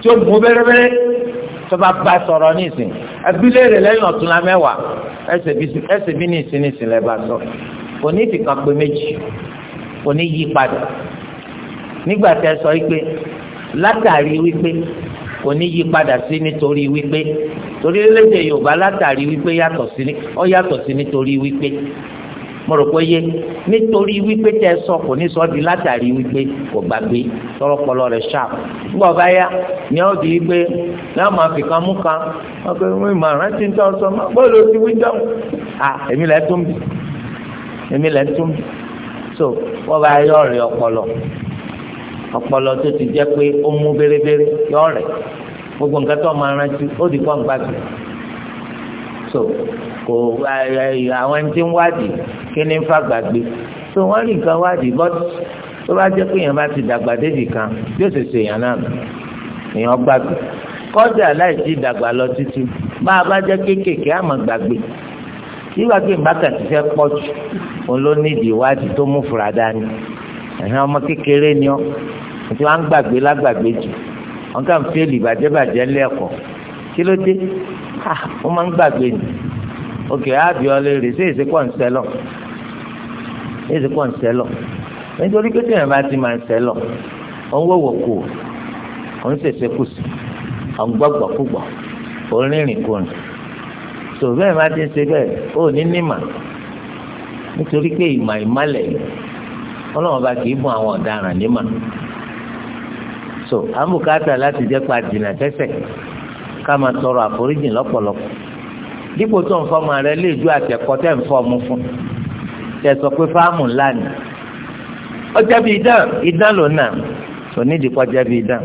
tí ó mú bẹ́rẹ́bẹ́rẹ́ tó bá bá sọ̀rọ̀ ní ìsìn ẹbílẹ̀ rẹ̀ lẹ́yìn ọ̀tún la mẹ́wàá ẹsẹ̀ bí ní ìsìn ní ìsìn lẹ́ bá sọ kò ní ti kan pé méjì kò ní yí padà nígbà tẹ sọ wípé látàrí wípé kò ní yí padà sí nítorí wípé torí lédè Yorùbá látàrí wípé yàtọ̀ sí ní ọ yàtọ̀ sí nítorí wípé mo rò pé yé nítorí wípé tẹ sọ kò ní sọ di látàrí wípé kò gbàgbé tọrọpọlọ rẹ sharp nígbà ọba yá ni ó di wípé yóò máa fi kan mú kan wọn pe wọn ìmọ̀ rántí ń tọ́ sọ bọ́ọ̀lù ti wí dáhùn à èmi lẹ́ tún bì èmi lẹ́ tún bì so wọ́n bá yọ ọ̀rẹ́ ọpọlọ ọpọlọ tó ti jẹ́ pé ó mú bérebére yọ ọ̀rẹ́ gbogbo nǹkan tó máa rántí ó di kọ́ ń gbàgbé so kò àwọn ẹni tí ń wádìí kí ni ń fa gbàgbé tó wọ́n rí nǹkan wádìí bọ́tù tó bá jẹ́ pé èèyàn bá ti dàgbà débi kan bí ó sì ṣe èèyàn náà èèyàn gbàgbé kọ́jà aláìsí ìdàgbà lọ títí bá a bá jẹ́ kéékèèké àmọ́ gbàgbé nígbà tí ìbákan ti fẹ́ pọ̀ jù òun ló ní ìdí ìwádìí tó mú fura dání ẹ̀hìn ọmọ kékeré ni ọ́ tí wọ́n á ń gbàgbé lágbàgbé jù wọ́n kàn fẹ́ẹ́lì bàjẹ́ bàjẹ́ ńlẹ̀ ẹ̀kọ́ kí ló dé ó máa ń gbàgbé ni òkè àbíọ́lé rè ṣé èsì pọ̀ ń sẹ́lọ̀ nítorí pé tèèyàn bá ti máa ń sẹ́lọ̀ ó ń wọ̀wọ̀ kù ó ń ṣèṣe kù sí ó ń gbọ́gbọ̀ kúgbọ̀ ó ń rìnrìn kù rìn tó bẹ́ẹ̀ bá ti ń so àmúkátà láti jẹ́ pa jìnnà tẹ́sẹ̀ ká máa tọrọ àforíjìn dípò tó ń fọmọ rẹ lè ju àtẹ̀kọ́ tẹ̀ ń fọmọ fún tẹ̀ sọ pé fáàmù ńlá ni ó jẹ́bi idán idán ló nà onídìí kọ́ jẹ́bi idán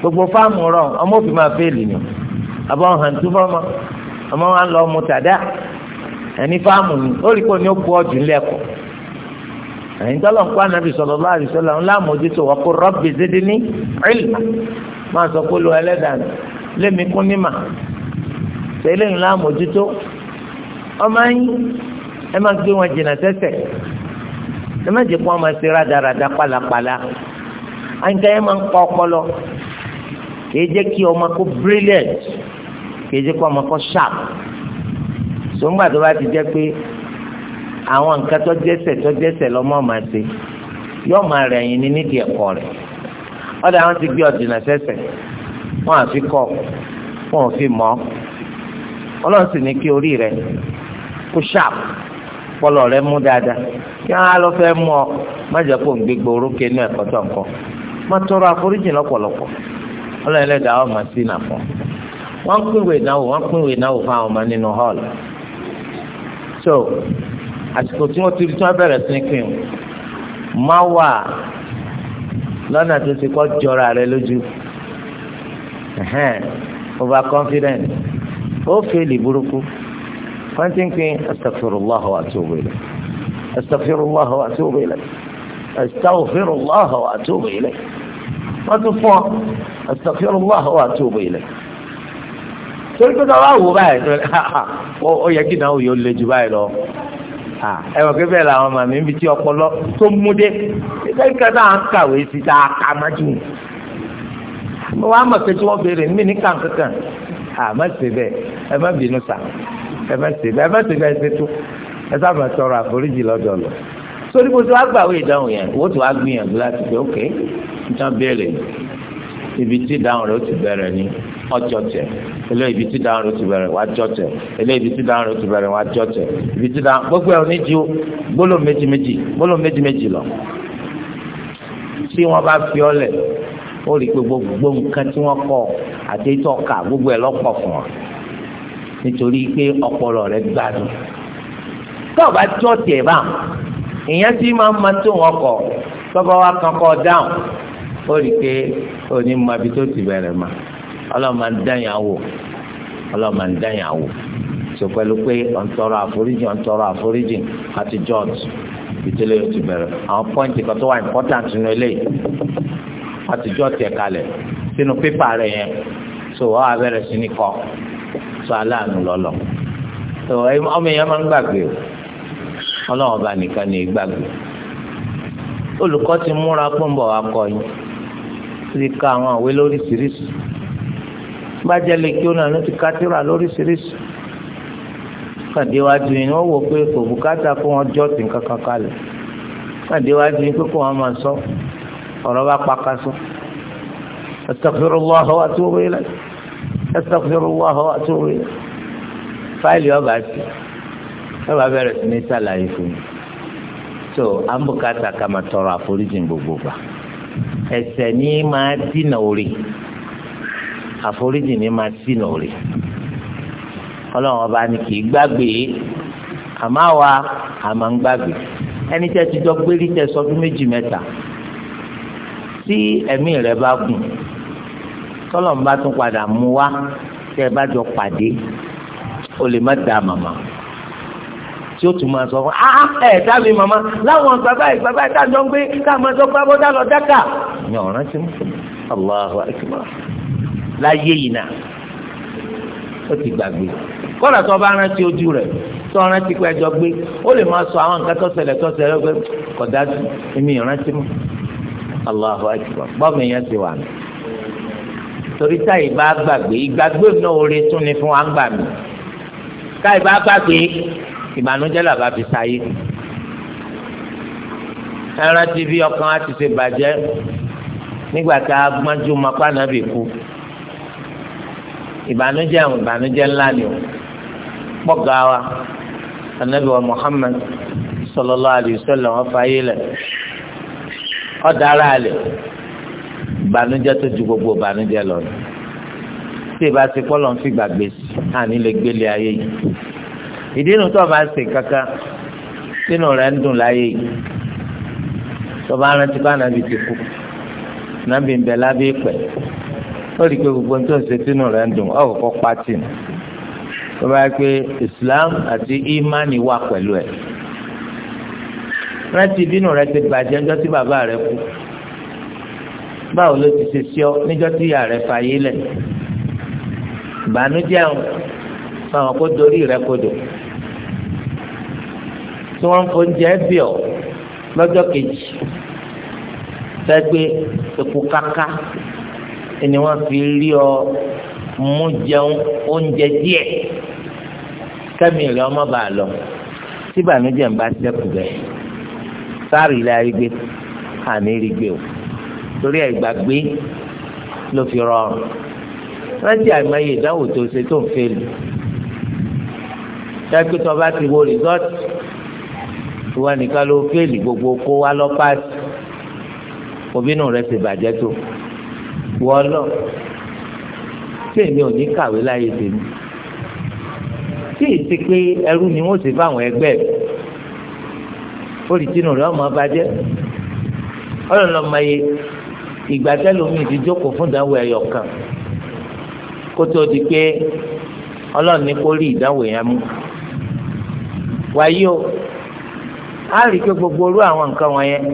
gbogbo fáàmù rọ ọmọ òfin máa fẹ́ẹ̀lì ni àbọ̀ hàn tú fọmọ ọmọ wa lọ mu tàdá ẹni fáàmù ni ó rí kó ní ó kú ọ̀jù lẹ́kọ̀ọ́ ẹ̀yin tọ́lọ̀ ń kó anabi sallallahu alaihi wasallam ńlá àmójútó wà kó rabbi zidni ilma máa sọ pé lu ẹlẹ́dàá lémi kún nímà tẹ́lẹ̀ ńlá mójútó ọmọ yín ẹ má gbé wọn jìnnà sẹ́sẹ̀ ẹ má jẹ́ kó wọn máa ṣe rádaràda pálapàla àyìnká yẹn máa ń pa ọpọlọ kì í jẹ́ kí ọmọ kó brilliant kì í jẹ́ kó ọmọ kó sharp sọ́ngbà tó bá ti jẹ́ pé àwọn nǹkan tó jẹ́sẹ̀ tó jẹ́sẹ̀ lọ́mọ máa ṣe yóò máa rẹ̀ yín ní nídìí ẹ̀kọ́ rẹ̀ ọ̀dà wọn ti gbé ọ̀dìnà sẹ́sẹ̀ wọn àfi kọ́ wọn ò fi mọ́ ọ́. ọlọ́run sì ní kí rẹ sharp kọlọ rẹ mú dáadáa kí wọn á lọ mú ọ má jẹ́ kó ń orókè inú tó nǹkan má tọrọ àforíjì lọ́pọ̀lọpọ̀ ọlọ́run ẹlẹ́dàá ọ̀ máa sí nàfọ́ wọ́n pínwé ìnáwó wọ́n pínwé ìnáwó fún àwọn ọmọ so àsìkò tí wọ́n ti rí tí wọ́n bẹ̀rẹ̀ sí ní má ó fèlè burúkú wọ́n ti ń pín astaghfirullah wa atubu ilayh astaghfirullah wa atubu ilayh astaghfirullah wa atubu ilayh wọ́n tún fún ọ astaghfirullah wa atubu ilayh torí pé tọ́wọ́ àwò báyìí ó yẹ kí náà yóò le jù báyìí lọ ẹwọ pé bẹ́ẹ̀ làwọn màmí ń bi tí ọpọlọ tó mú dé kẹ́kẹ́ ń kàwé sí ta àmàjù wọ́n á mọ̀ pé tí wọ́n béèrè mí ní kàǹkankan àmọ́ ṣe bẹ́ẹ̀ ẹ má bínú sà ẹ má ṣe bẹ́ẹ̀ ẹ má ṣe bẹ́ẹ̀ ṣe tó ẹ sábà tọrọ àforíjì lọ́dọ̀ lọ. sórí kó tó wá gbàwé ìdáhùn yẹn owó tó wá gbìyànjú láti pé ok nítorí béèrè ibi tí ìdáhùn rẹ ó ti bẹ̀rẹ̀ ni ọjọ́ tẹ̀ ilé ibi tí ìdáhùn rẹ ó ti bẹ̀rẹ̀ wá jọ tẹ̀ ilé ibi tí ìdáhùn rẹ ó ti bẹ̀rẹ̀ wá jọ tẹ̀ ibi tí ìdáhùn gbogbo ẹ̀ oníjì ó gbólóhùn méjì méjì gbólóhùn méjì méjì lọ. tí wọ́n bá fi ọ́ lẹ̀ ó rí i pé gbogbo nǹkan tí wọ́n kọ àti ètò ọkà gbogbo ẹ̀ lọ́pọ̀ fún wa nítorí pé ọpọlọ rẹ gbádùn tó o bá jọ tiẹ̀ bá ìyẹn tí máa ń ma tó wọn kọ tọ́gbọ́ wa kan kọ́ dáhùn ó rí i pé òní mọ ibi tó ti bẹ̀rẹ̀ ma ọlọ́mọ ń dáyàn wò ọlọ́mọ ń dáyàn wò sọ pé ọ̀ntọ́rọ àforíjì ọ̀ntọ́rọ àforíjì àti george ìdílé yóò ti bẹ̀rẹ̀ àwọn pọ́ìntì kan tó wà important nínú àtijọ́ tiẹ̀ kalẹ̀ sínú pépà rẹ̀ yẹn so wọ́n á bẹ̀rẹ̀ sí ní kọ́ so aláàánú lọ́lọ́ so ọmọ èèyàn máa ń gbàgbé o ọlọ́run ọba nìkan ní gbàgbé olùkọ́ ti múra pọ́ńbọ̀ akọ̀yìn ti ka àwọn àwé lóríṣiríṣi bàjẹ́ lè kí ó náà ló ti ka tírà lóríṣiríṣi kàdéwájú ni wọ́n wò pé kò bùkátà fún wọn jọ́ọ̀tì kankan kalẹ̀ kàdéwájú ni pé kò wọ́n máa sọ. ọ̀rọ̀ bá pàkásọ astaghfirullah ọba ti ọba bẹ̀rẹ̀ sí ní sàlàyé fún mi so ambukata ká tọrọ àforíjì gbogbo gbà ẹ̀ṣẹ̀ n'i máa dínà orí àforíjì ní ọlọ́run ọba ni kì í gbàgbé àmọ́ àwa àmọ́ ń gbàgbé ẹni tẹ́ ti jọ gbérí tẹ sọdún méjì mẹ́ta tí ẹ̀mí rẹ̀ bá gùn tọ́lọ́mù bá tún padà mú wá tẹ́ ẹ bá jọ pàdé o lè má da màmá tí ó tún máa sọ fún ah, ah ẹ dá mi màmá láwọn bàbá yìí bàbá yìí dájọ́ ń gbé káàmọ́ sọ pé abọ́dá lọ dákà ní ọ̀ràn tí mo Allahu akbar láyé yìí náà ó ti gbàgbé kọ́lá tó bá rántí ojú rẹ̀ tó rántí pé ẹjọ́ gbé ó lè máa sọ àwọn nǹkan tó ṣẹlẹ̀ tó ṣẹlẹ̀ pé kọ̀dájú èmi ìrántí mọ́. Allahu akbar bọ́ọ̀mù yẹn ti wà mí torí táyì bá gbàgbé ìgbàgbé náà oore tún ni fún wa ń gbà mí táyì bá gbàgbé ìbànújẹ́ làbá fi sáyé ẹran ti fi ọkàn á ti ṣe bàjẹ́ nígbà tá a gbọ́njú mọ pànàbì kú ìbànújẹ́ àwọn ìbànújẹ́ ńlá ni o pọ̀gà wa anabi wa sallallahu alaihi wasallam wọn fààyè lẹ̀ ọ̀dàrà alẹ̀ ìbànújẹ́ tó ju gbogbo lọ ni tí ti kọ́lọ̀ fi gbàgbé àní lè gbélé ayé yìí ìdí inú tó bá ń kankan sínú rẹ̀ ń dùn láyé yìí tó o bá rántí bá nàbì ti kú ń bẹ lábẹ́ i pé gbogbo tó ń sínú ń dùn Islam àti imani wà pẹ̀lú rántí bínú rẹ ti bàjẹ́ ńjọ́ tí bàbá rẹ kú báwo ló ti ṣe sí ọ níjọ́ tí ìyá rẹ fàyè lẹ̀ ìbànújẹ́ àwọn àwọn kó dorí rẹ kodò tí wọ́n ń fọ́njẹ́ bí ọ lọ́jọ́ kejì sẹ́gbẹ́ epo kaka ni wọ́n fi rí ọ mú jẹun oúnjẹ díẹ̀ kẹ́mi rẹ ọmọ bá lọ tí ìbànújẹ́ ń bá ṣẹ́kù bẹ́ẹ̀ sáré ilé ayé gbé àní rí gbé o torí àìgbàgbé ló fi rọrùn rántí àìmọye ìdánwò tó ṣe tó ń fẹlẹ dájú tó bá ti wo rìsọ́ọ̀tì ìwọ nìkan ló fẹ́ẹ̀lì gbogbo kó wá lọ́pàásì òbínú rẹ̀ ti bàjẹ́ tó wọ́ lọ tí èmi ò ní kàwé láyé tèmi tí ì ti pé ẹrú ni wọ́n ti fáwọn ẹgbẹ́ mi fórìtínú rẹ̀ ọmọ abajẹ́ ọlọ́lọ́mọye ìgbà tẹ́lómi ti jókòó fún ìdánwò ẹ̀yọ̀ kan kó tó di pé ọlọ́run ní kó rí ìdánwò yẹn mú wáyé o á rí i pé gbogbo orú àwọn nǹkan wọ̀nyẹn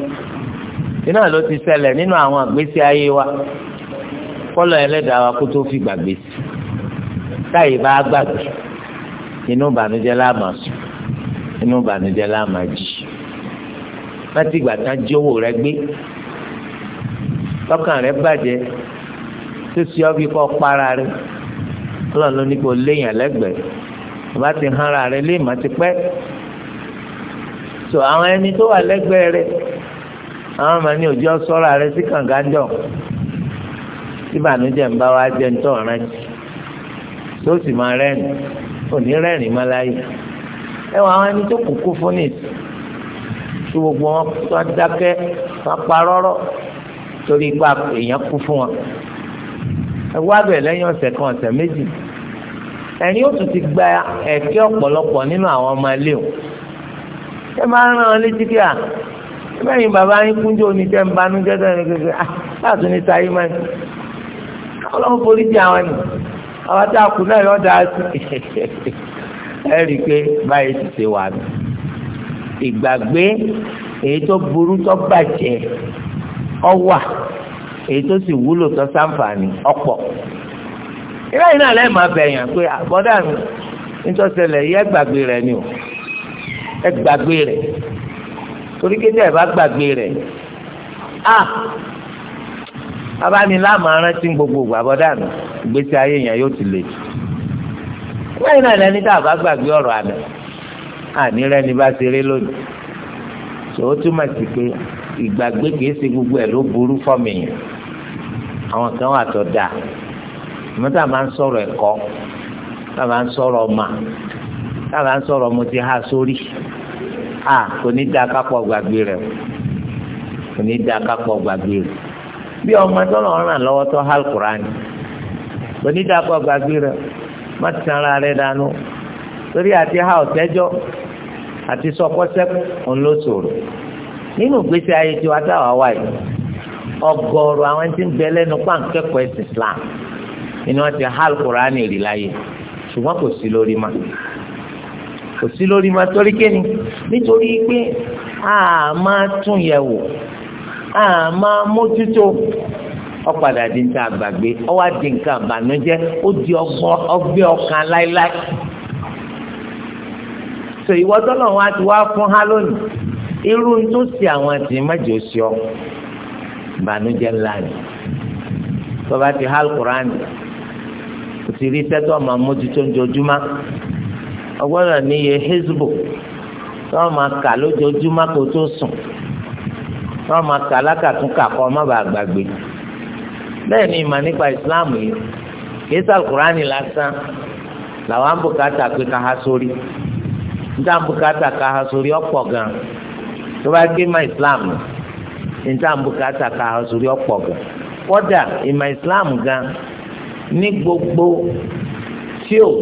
iná ló ti ṣẹlẹ̀ nínú àwọn àgbésí ayé wa kọ́lọ̀ ẹlẹ́dàá wa kó tó fi gbàgbé sí táyì bá gbàgbé inú ìbànújẹ́ láàmà sùn inú ìbànújẹ́ láàmà jí láti ìgbà tán jí owó rẹ gbé lọ́kàn rẹ bàjẹ́ tó ṣe ọ́ bí kọ́ para rẹ ọlọ́run ló ní kó léèyàn lẹ́gbẹ̀ẹ́ bàbá ti hàn ara rẹ léèmà ti pẹ́ tó àwọn ẹni tó wà lẹ́gbẹ̀ẹ́ rẹ àwọn ọmọ ní òjò sọ́ra rẹ sí kàngánjọ́ ìbànújẹ́ ń bá wa jẹ́ ń tọ́ ọ̀rẹ́ tó sì máa rẹ́rìn òní rẹ́rìn máa láyé ẹ wọ àwọn ẹni tó kúkú fún nìyí tí gbogbo wọn tó dákẹ́ wọn parọ́rọ́ torí ipa èèyàn kú fún wọn. ẹ wá bẹ̀ lẹ́yìn ọ̀sẹ̀ kan ọ̀sẹ̀ méjì ẹ̀yin ó tún ti gba ẹ̀kẹ́ ọ̀pọ̀lọpọ̀ nínú àwọn ọmọ ilé o ẹ máa ń rán ọ létí kí à bẹ́ẹ̀ni bàbá yín kúnjó ní tẹ́ ń banú jẹ́jẹ́ ní kékeré láti ní sáyé máa ń ọlọ́run forí jẹ àwọn ni àwọn tá a kù náà yọ̀ọ́ dáa sí ẹ rí i pé báyìí ti ṣe wà mí. ìgbàgbé èyí tó burú tó bàjẹ́ ọwà èyí tó sì wúlò tó ṣàǹfààní ọ̀pọ̀ ilé yìí náà máa bẹ̀yàn pé àbọ̀dà mi nítòsílẹ̀ yẹ gbàgbé rẹ̀ ni o ẹ gbàgbé rẹ̀ torí kéde ẹ̀ bá gbàgbé rẹ̀ a mi ìgbésí ayé yẹn yóò ti lè jù tá a bá ànírẹ́ ni bá ṣeré lónìí tó o túmọ̀ sí pé ìgbàgbé kìí ṣe gbogbo ẹ̀ ló burú fọ́mìyàn àwọn kan wà tó dáa mọ́tà máa ń sọ̀rọ̀ ẹ̀kọ́ táà máa ń sọ̀rọ̀ ọmọ táà máa ń sọ̀rọ̀ ọmọ ti há sórí à kò ní da kápọ̀ gbàgbé rẹ̀ kò ní da kápọ̀ gbàgbé rẹ̀ bí ọmọ tó lọ ràn lọ́wọ́ tó há Kùránì kò ní da kápọ̀ gbàgbé rẹ̀ má ti sanra rẹ̀ dànù torí àti há ọ̀tẹ́jọ́ àti sọkọsẹkù òun ló ṣòro nínú ìgbésí ayé tiwa táwa wà yìí ọ̀gọ̀ọ̀rọ̀ àwọn tí ń bẹ lẹ́nu pàǹkẹ́kọ̀ọ́ ẹ̀sìn Islam ni wọ́n ti hàl kùránì rí láyé ṣùgbọ́n kò sí lórí ma kò sí lórí ma torí kéni nítorí pé a máa tún yẹ̀ wò a máa mójútó ọ̀padà di nǹkan àgbàgbé ọwọ́ di nǹkan àbànújẹ́ ó di ọgbẹ́ ọkàn láéláé. sọ ìwọ tọ́lọ̀ wọn ti wá fún ha lónìí irú tó ṣe àwọn àti mẹ́jọ ṣe ọ ìbànújẹ́ ńlá ni tọba ti hal Quran kò sì rí sẹ́tọ̀ ọmọ mójútó ojoojúmọ́ níye hezbo tọ́ máa kà lójoojúmọ́ kó tó sùn tọ́ máa kà lákàtúnkà kọ́ má bàa gbàgbé ni nípa Islam yìí lásán làwọn ká ha sórí. níta bùkátà ká ha sórí ọ̀pọ̀ gan tó bá gbé ma islam níta bùkátà ká ha sórí ọ̀pọ̀ gan kódà ìmọ̀ islam gan ní gbogbo field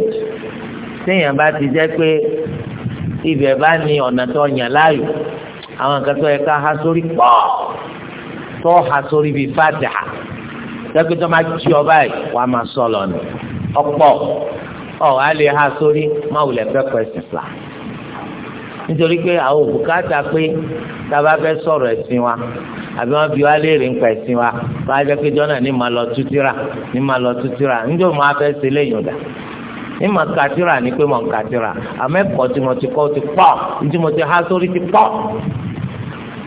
téèyàn bá ti jẹ́ pé ibẹ̀ bá ní ọ̀nà tó yàn láàyò àwọn nǹkan tó yẹ ká ha sórí pọ̀ tó ha sórí bíi fatiha tẹ́kí tó máa tí ọ báyìí wàá máa sọ lọ́nà ọ̀pọ̀ ọ̀ á lè ha sórí máa wulẹ̀ fẹ́ pẹ́sì fìlà. nítorí pé àwọn òbúkátà pé tábà fẹ́ sọ̀rọ̀ ẹ̀sìn wa àbí wọ́n fi wá léèrè ń pa ẹ̀sìn wa wọ́n á jẹ́ pé ma lọ tútìrà ní ma lọ tútìrà níjọ́ mo á ṣe léyìn ọ̀dà ní kàtìrà ni pé mo kàtìrà àmọ́ ẹ̀kọ́ tí mo ti kọ́ ti pọ̀ ní tí mo ti há sórí ti pọ̀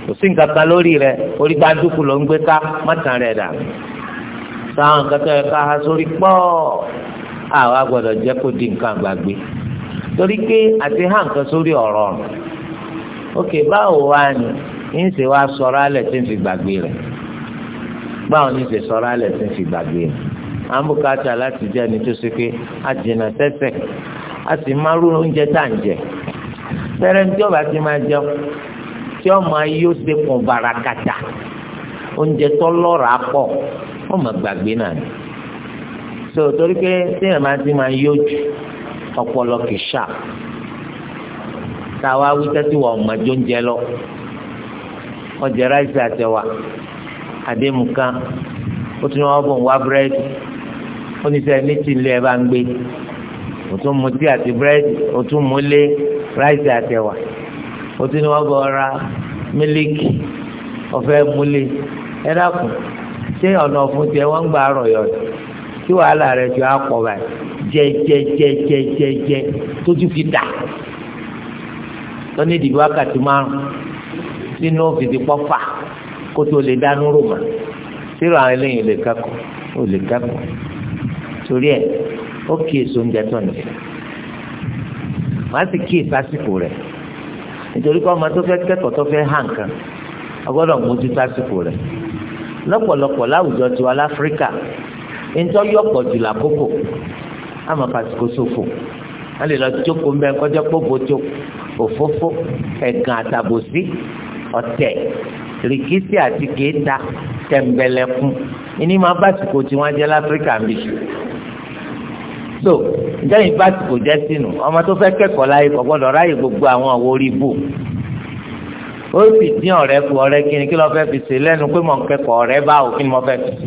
kò sí nǹkan kan lórí rẹ orí gbàdúkù ló ń gbé ká mọ́tàn rẹ̀ dà sáwọn yẹ ká há sórí torí pé àti há nǹkan sórí ọ̀rọ̀ ọ̀run òkè báwo wá ni ń ṣe wá sọ̀rọ̀ alẹ̀ tí ń fi gbàgbé rẹ̀ báwo ni ń ṣe sọ̀rọ̀ alẹ̀ tí ń fi gbàgbé rẹ̀ à ń bùkátà láti jẹ́ ẹni tó ṣe pé a jìnnà tẹ́tẹ̀ a sì máa rú oúnjẹ tá à ń jẹ fẹ́rẹ́ tí ọba ti máa jẹun tí ọmọ yóò ṣe kùn bàràkàtà oúnjẹ tó lọ́rọ̀ apọ̀ wọ́n gbàgbé náà ni so torí pé téèyàn máa ti máa yóò jù ọpọlọ kì í ṣà táwa wí tẹ́tí wọ ọmọdé oúnjẹ lọ ọjà ráìsì àtẹwà àdémùkan ó tún wọn bọ̀ ń wá búrẹ́dì ó ní sẹ́yìn ní tìlú ẹ̀ bá ń gbé ó tún mu tí àti búrẹ́dì ó tún mu lé ráìsì àtẹwà ó tún wọn bọ̀ ra mílíkì ọ̀fẹ́ múlé ẹ dákun ṣé ọ̀nà ọ̀fun tiẹ̀ wọ́n ń gbà rọ̀ yọ̀ tí wàhálà rẹ̀ ti á pọ̀ báyìí. jẹjẹjẹjẹjẹjẹ tójú fi dà ìdìbò wákàtí márùn sínú pọ́fà kó tó lè dánú sírò àwọn eléyìí lè ó lè torí ẹ̀ ó kí èso ń sì kí rẹ̀ nítorí ọmọ tó fẹ́ kẹ́kọ̀ọ́ tó fẹ́ hàn kan rẹ̀ lọ́pọ̀lọpọ̀ láwùjọ tiwa láfíríkà ntọ́ yọ̀pọ̀ jù àmọ́ pàṣípò ṣòfò wọ́n lè lọ jókòó ń bẹ kọjá pọ̀pọ̀ tó òfófó ẹ̀gàn àtàbòsí ọ̀tẹ̀ rìkísí àti kéèta tẹ̀m̀bẹ̀lẹ̀kùn ìní máa bàṣípò tí wọ́n jẹ́ láfíríkà mi so ìjọyìn bá ti kò jẹ́ sínú ọmọ tó fẹ́ kẹ́kọ̀ọ́ láyé kò gbọ́dọ̀ ráyè gbogbo àwọn àwo orí ibù ó sì dín ọ̀rẹ́ fún ọ̀rẹ́ kíni kí ló fẹ́ fi ṣe lẹ́nu pé mò ń kẹ́kọ̀ọ́ ọ̀rẹ́ báwo kí ni mo fẹ́ fi ṣe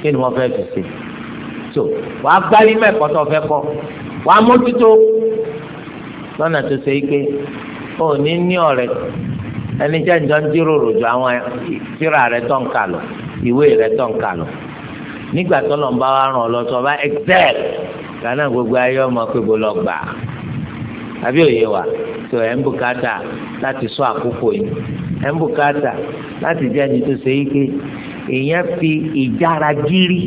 kí ni mo fẹ́ fi ṣe. mójútó wàá gbárí mẹ́kọ̀ọ́ tó fẹ́ kọ́ mójútó lọ́nà tó ṣe ike ó ní ní ọ̀rẹ́ ẹni jẹ́ ń jíròrò ju àwọn lọ ìwé rẹ̀ ń kà bá wa ràn ọ́ bá excel gánà gbogbo ayé ọmọ pé bó lọ gbà àbí òye sọ àkókò yìí ẹ̀ ń bùkátà láti jẹ́ ẹni tó ṣe ike èèyàn fi ìjára gírí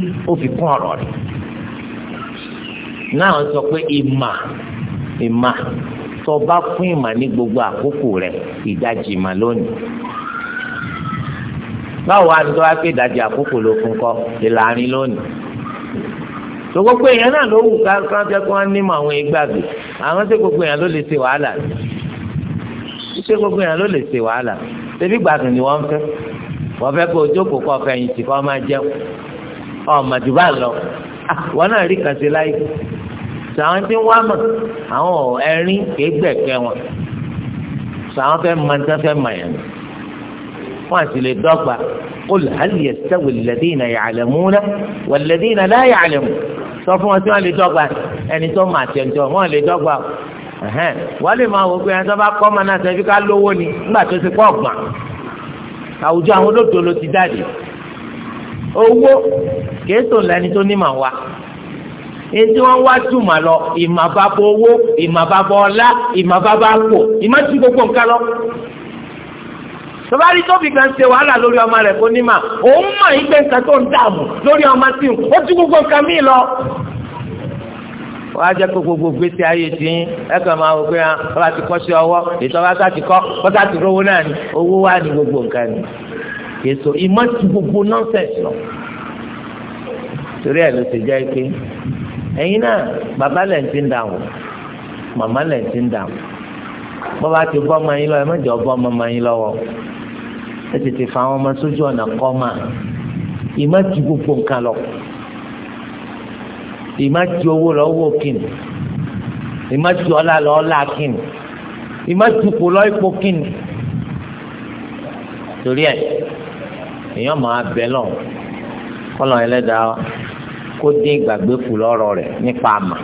náà sọ pé ìmà ìmà tó bá fún ìmà ní gbogbo àkókò rẹ̀ ìdajì ìmà lónìí báwo wá ní tó wá pé ìdajì àkókò ló fún kọ ìlàrin lónìí tó gbogbo èèyàn náà ló wù ká kí wọn fẹ́ kí wọn nímọ̀ àwọn ìgbàgbé àwọn tó gbogbo èèyàn ló lè ṣe wàhálà ṣé gbogbo èèyàn ló lè ṣe wàhálà ṣebí gbàgbọ́n ni wọ́n fẹ́ wọ́n fẹ́ kó o jókòó kọ́ fẹ̀yìntì kọ́ máa jẹun ọmọ jù bá lọ ah, wọn náà rí kàn sí láyé sàwọn tí ń wá mọ̀ àwọn ẹ̀rín kì í gbẹ̀kẹ́ wọn sàwọn fẹ́ mọ ní sẹ́fẹ́ mọ̀ yẹn wọn àti lè dọ́gba qul hal yastawi alladhina ya'lamuna walladhina la ya'lamun sọ fún wọn tí wọn lè dọ́gba ẹni tó mà tẹ̀ntọ́ wọn lè dọ́gba wọ́n lè máa wò pé ẹni tó bá kọ́ ọmọ náà sẹ́fí ká lówó ni nígbà tó ti pọ̀ gbà àwùjọ àwọn olódò ló ti jáde owó kìí sòlẹ́ni tó ní màá wa ètò wọn wá jùmọ̀ lọ ìmọ̀ bá bọ owó ìmọ̀ bá bọ ọlá ìmọ̀ bá bá pò ìmọ̀ tí gbogbo nǹkan lọ. tọ́bárí tóbi kan ṣe wàhálà lórí ọmọ rẹ̀ kó ní mà òun mọ̀ ìgbẹ́ nǹkan tó ń dààmú lórí ọmọ sí i ó ti gbogbo nǹkan míì lọ. wọ́n á jẹ́ pé gbogbo gbèsè ayé ti ń ẹ̀kọ́ máa wọ pé ọba ah, ti kọ́ sí ọwọ́ ìtọ́ba sá ti kọ́ bọ́tà ti rówó náà ni owó wà ní gbogbo nǹkan ni. èso ìmọ̀ ẹ̀yin náà bàbá lẹ̀ ń ti ń dà wọ́n màmá lẹ̀ ń ti ń dà wọ́n bọ́ba ti bọ́ ọmọ yín lọ́wọ́ ẹ má jẹ́ ọbọ̀ ọmọ yín lọ́wọ́ ẹ tètè fa àwọn ọmọ sójú ọ̀nà kọ́ máa ìmá ti gbogbo nǹkan lọ ìmá ti owó lọ owó kìnnì ìmá ti ọlá lọ ọlá kìnnì ìmá ti ipò lọ ipò kìnnì torí ẹ èèyàn máa bẹ lọ kọlọ ẹlẹ́dàá kó dín ìgbàgbé kù lọ́rọ̀ rẹ̀ nípa àmà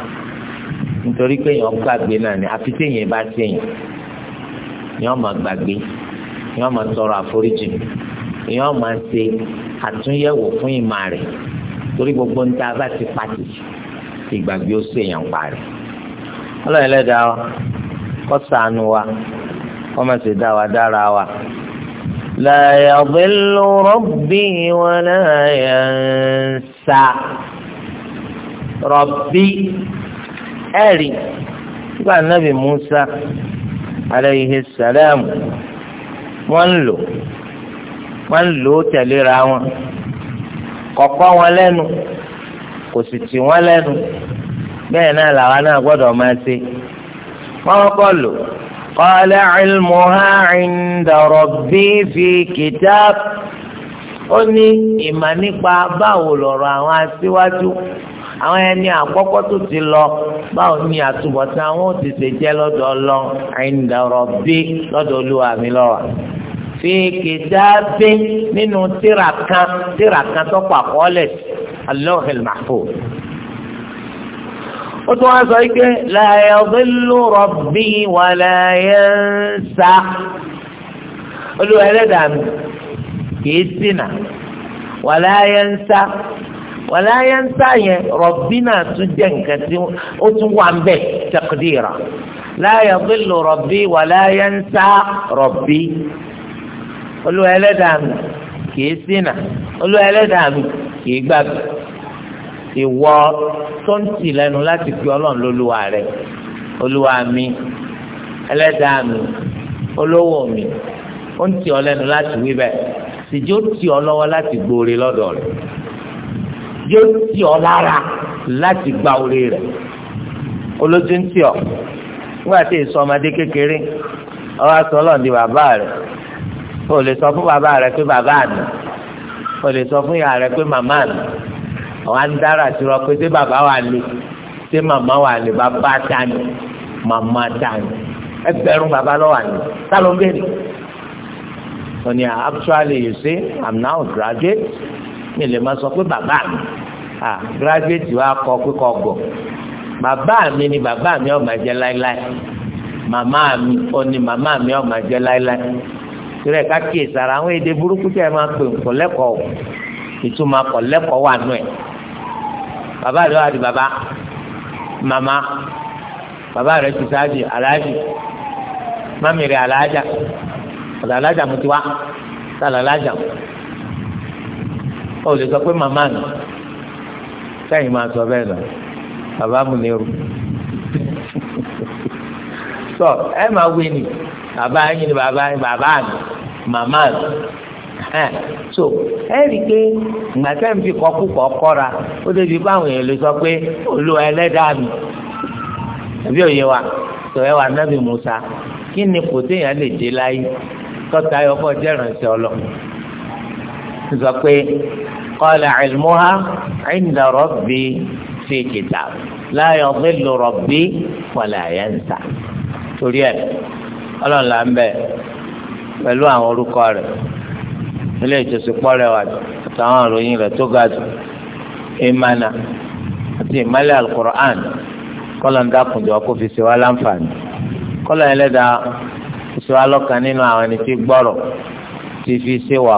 nítorí pé èèyàn gbàgbé náà ni àfi téèyàn bá téèyàn èèyàn máa gbàgbé èèyàn máa tọrọ àforíjì èèyàn máa ṣe àtúnyẹ̀wò fún ìmà rẹ̀ torí gbogbo ń ta bá ti pàtì ìgbàgbé ó ṣèyàn parí. ọlọ́run lẹ́dàá wa kó wa kó má ṣe dá wa dára wa. la yadhillu rabbi wa la rọ̀bí ẹ̀rí nígbà nàbì Musa alayhi salam wọ́n ń lò wọ́n ń lò ó tẹ̀léra wọn kọ̀kọ́ wọn lẹ́nu kò sì tì wọ́n lẹ́nu bẹ́ẹ̀ náà làwa náà gbọ́dọ̀ máa ṣe wọ́n kọ́ lò qala ilmuha inda fi kitab ó ní ìmọ̀ nípa báwo lọ̀rọ̀ àwọn aṣíwájú àwọn ẹni àkọ́kọ́ tó ti lọ báwo ni àtúbọ̀tán àwọn ò ti ṣe jẹ́ lọ́dọ̀ ọlọ́run àìndàrọ̀ bí lọ́dọ̀ olúwa mi lọ́wọ́ fi kìdáàbí nínú tírà kan tírà kan tó pa àkọọ́lẹ̀ Allahul ó tún wá sọ pé la yadhillu rabbi wa la yansa olúwa ẹlẹ́dàá mi kìí ṣìnà wa la yansa wàlẹ́ ayé ń sá yẹn rọ̀bìnà tún jẹ́ nǹkan tí ó tún wà ń bẹ̀ tẹ̀kídìrà láyà bílù rọ̀bì wàlẹ́ ayé ń sá rọ̀bì olúwa ẹlẹ́dàá mi kìí ṣìnà olúwa ẹlẹ́dàá mi kìí gbàgbé ìwọ tó ń tì lẹ́nu láti fi ọlọ́run lólúwa rẹ̀ olúwa mi ẹlẹ́dàá mi olówó mi ó ń tì ọ lẹ́nu láti wí bẹ́ẹ̀ sì tì ọ lọ́wọ́ láti gbòòrè lọ́dọ̀ rẹ̀ yóò tì ọ́ lára láti gba orí rẹ̀ olójú ń tì ọ́ nígbà tí èso ọmọdé kékeré ọwọ́ aṣọ ọlọ́run di bàbá rẹ̀ o lè sọ fún bàbá rẹ̀ pé bàbá àná o lè sọ fún ìyá rẹ̀ pé màmá àná àwọn andára ti rọ pé ṣé bàbá wà lè ṣé màmá wà lè bàbá tani màmá tani ẹgbẹ̀rún bàbá lọ wà sálọ ń bèrè. Oni actually you see I'm now a graduate mi lè máa sọ pé bàbá mi à gíráfíìtì wa kọ pípọ̀ gbọ̀ bàbá mi ni bàbá mi ọ̀ máa jẹ́ láéláé màmá mi ò ní màmá mi ọ̀ máa jẹ́ láéláé torí ẹ̀ ká kíyè sára àwọn èdè burúkú tẹ́ ẹ máa pè kọ̀ lẹ́kọ̀ọ́ ìtumọ̀ kọ̀ lẹ́kọ̀ọ́ wà nù ẹ̀ bàbá rẹ̀ wà di bàbá màmá bàbá rẹ̀ ti sáájì aláàjì mami rẹ̀ aláàjà ọ̀dà aláàjà mo ti wá sálà aláàjà ó lè sọ pé màmá nù sẹ́yìn máa sọ bẹ́ẹ̀ nù bàbá mu ní ru sọ ẹ máa wí ni bàbá yín ni bàbá yín bàbá nù màmá nù so ẹ rí i pé gbàtẹ́ mi fi kọ́kú kọ́ kọ́ra ó débi báwọn èèyàn lè sọ pé olúwa ẹlẹ́dàá mi àbí òye wa sọ ẹ wà nábì Musa kí ni kò téèyàn lè dé láyé tọ́ta ayọ́kọ́ jẹ́ràn sí ọlọ́run sọ pé qala ilmuha inda rabbi fi kitab la yadhillu rabbi wala yansa torí ẹ̀ ọlọ́run là ń bẹ̀ pẹ̀lú àwọn orúkọ rẹ̀ ilé ìjọsìn pọ́lẹ̀ wà àtàwọn ìròyìn rẹ̀ tó ga jù ìmànà àti ìmàlẹ̀ alukur'an kọ́lọ̀ ń dákunjọ kó fi ṣe láǹfààní kọ́lọ̀ yẹn lẹ́dàá ṣe nínú àwọn ẹni tí gbọ́rọ̀ tí fi ṣe wò.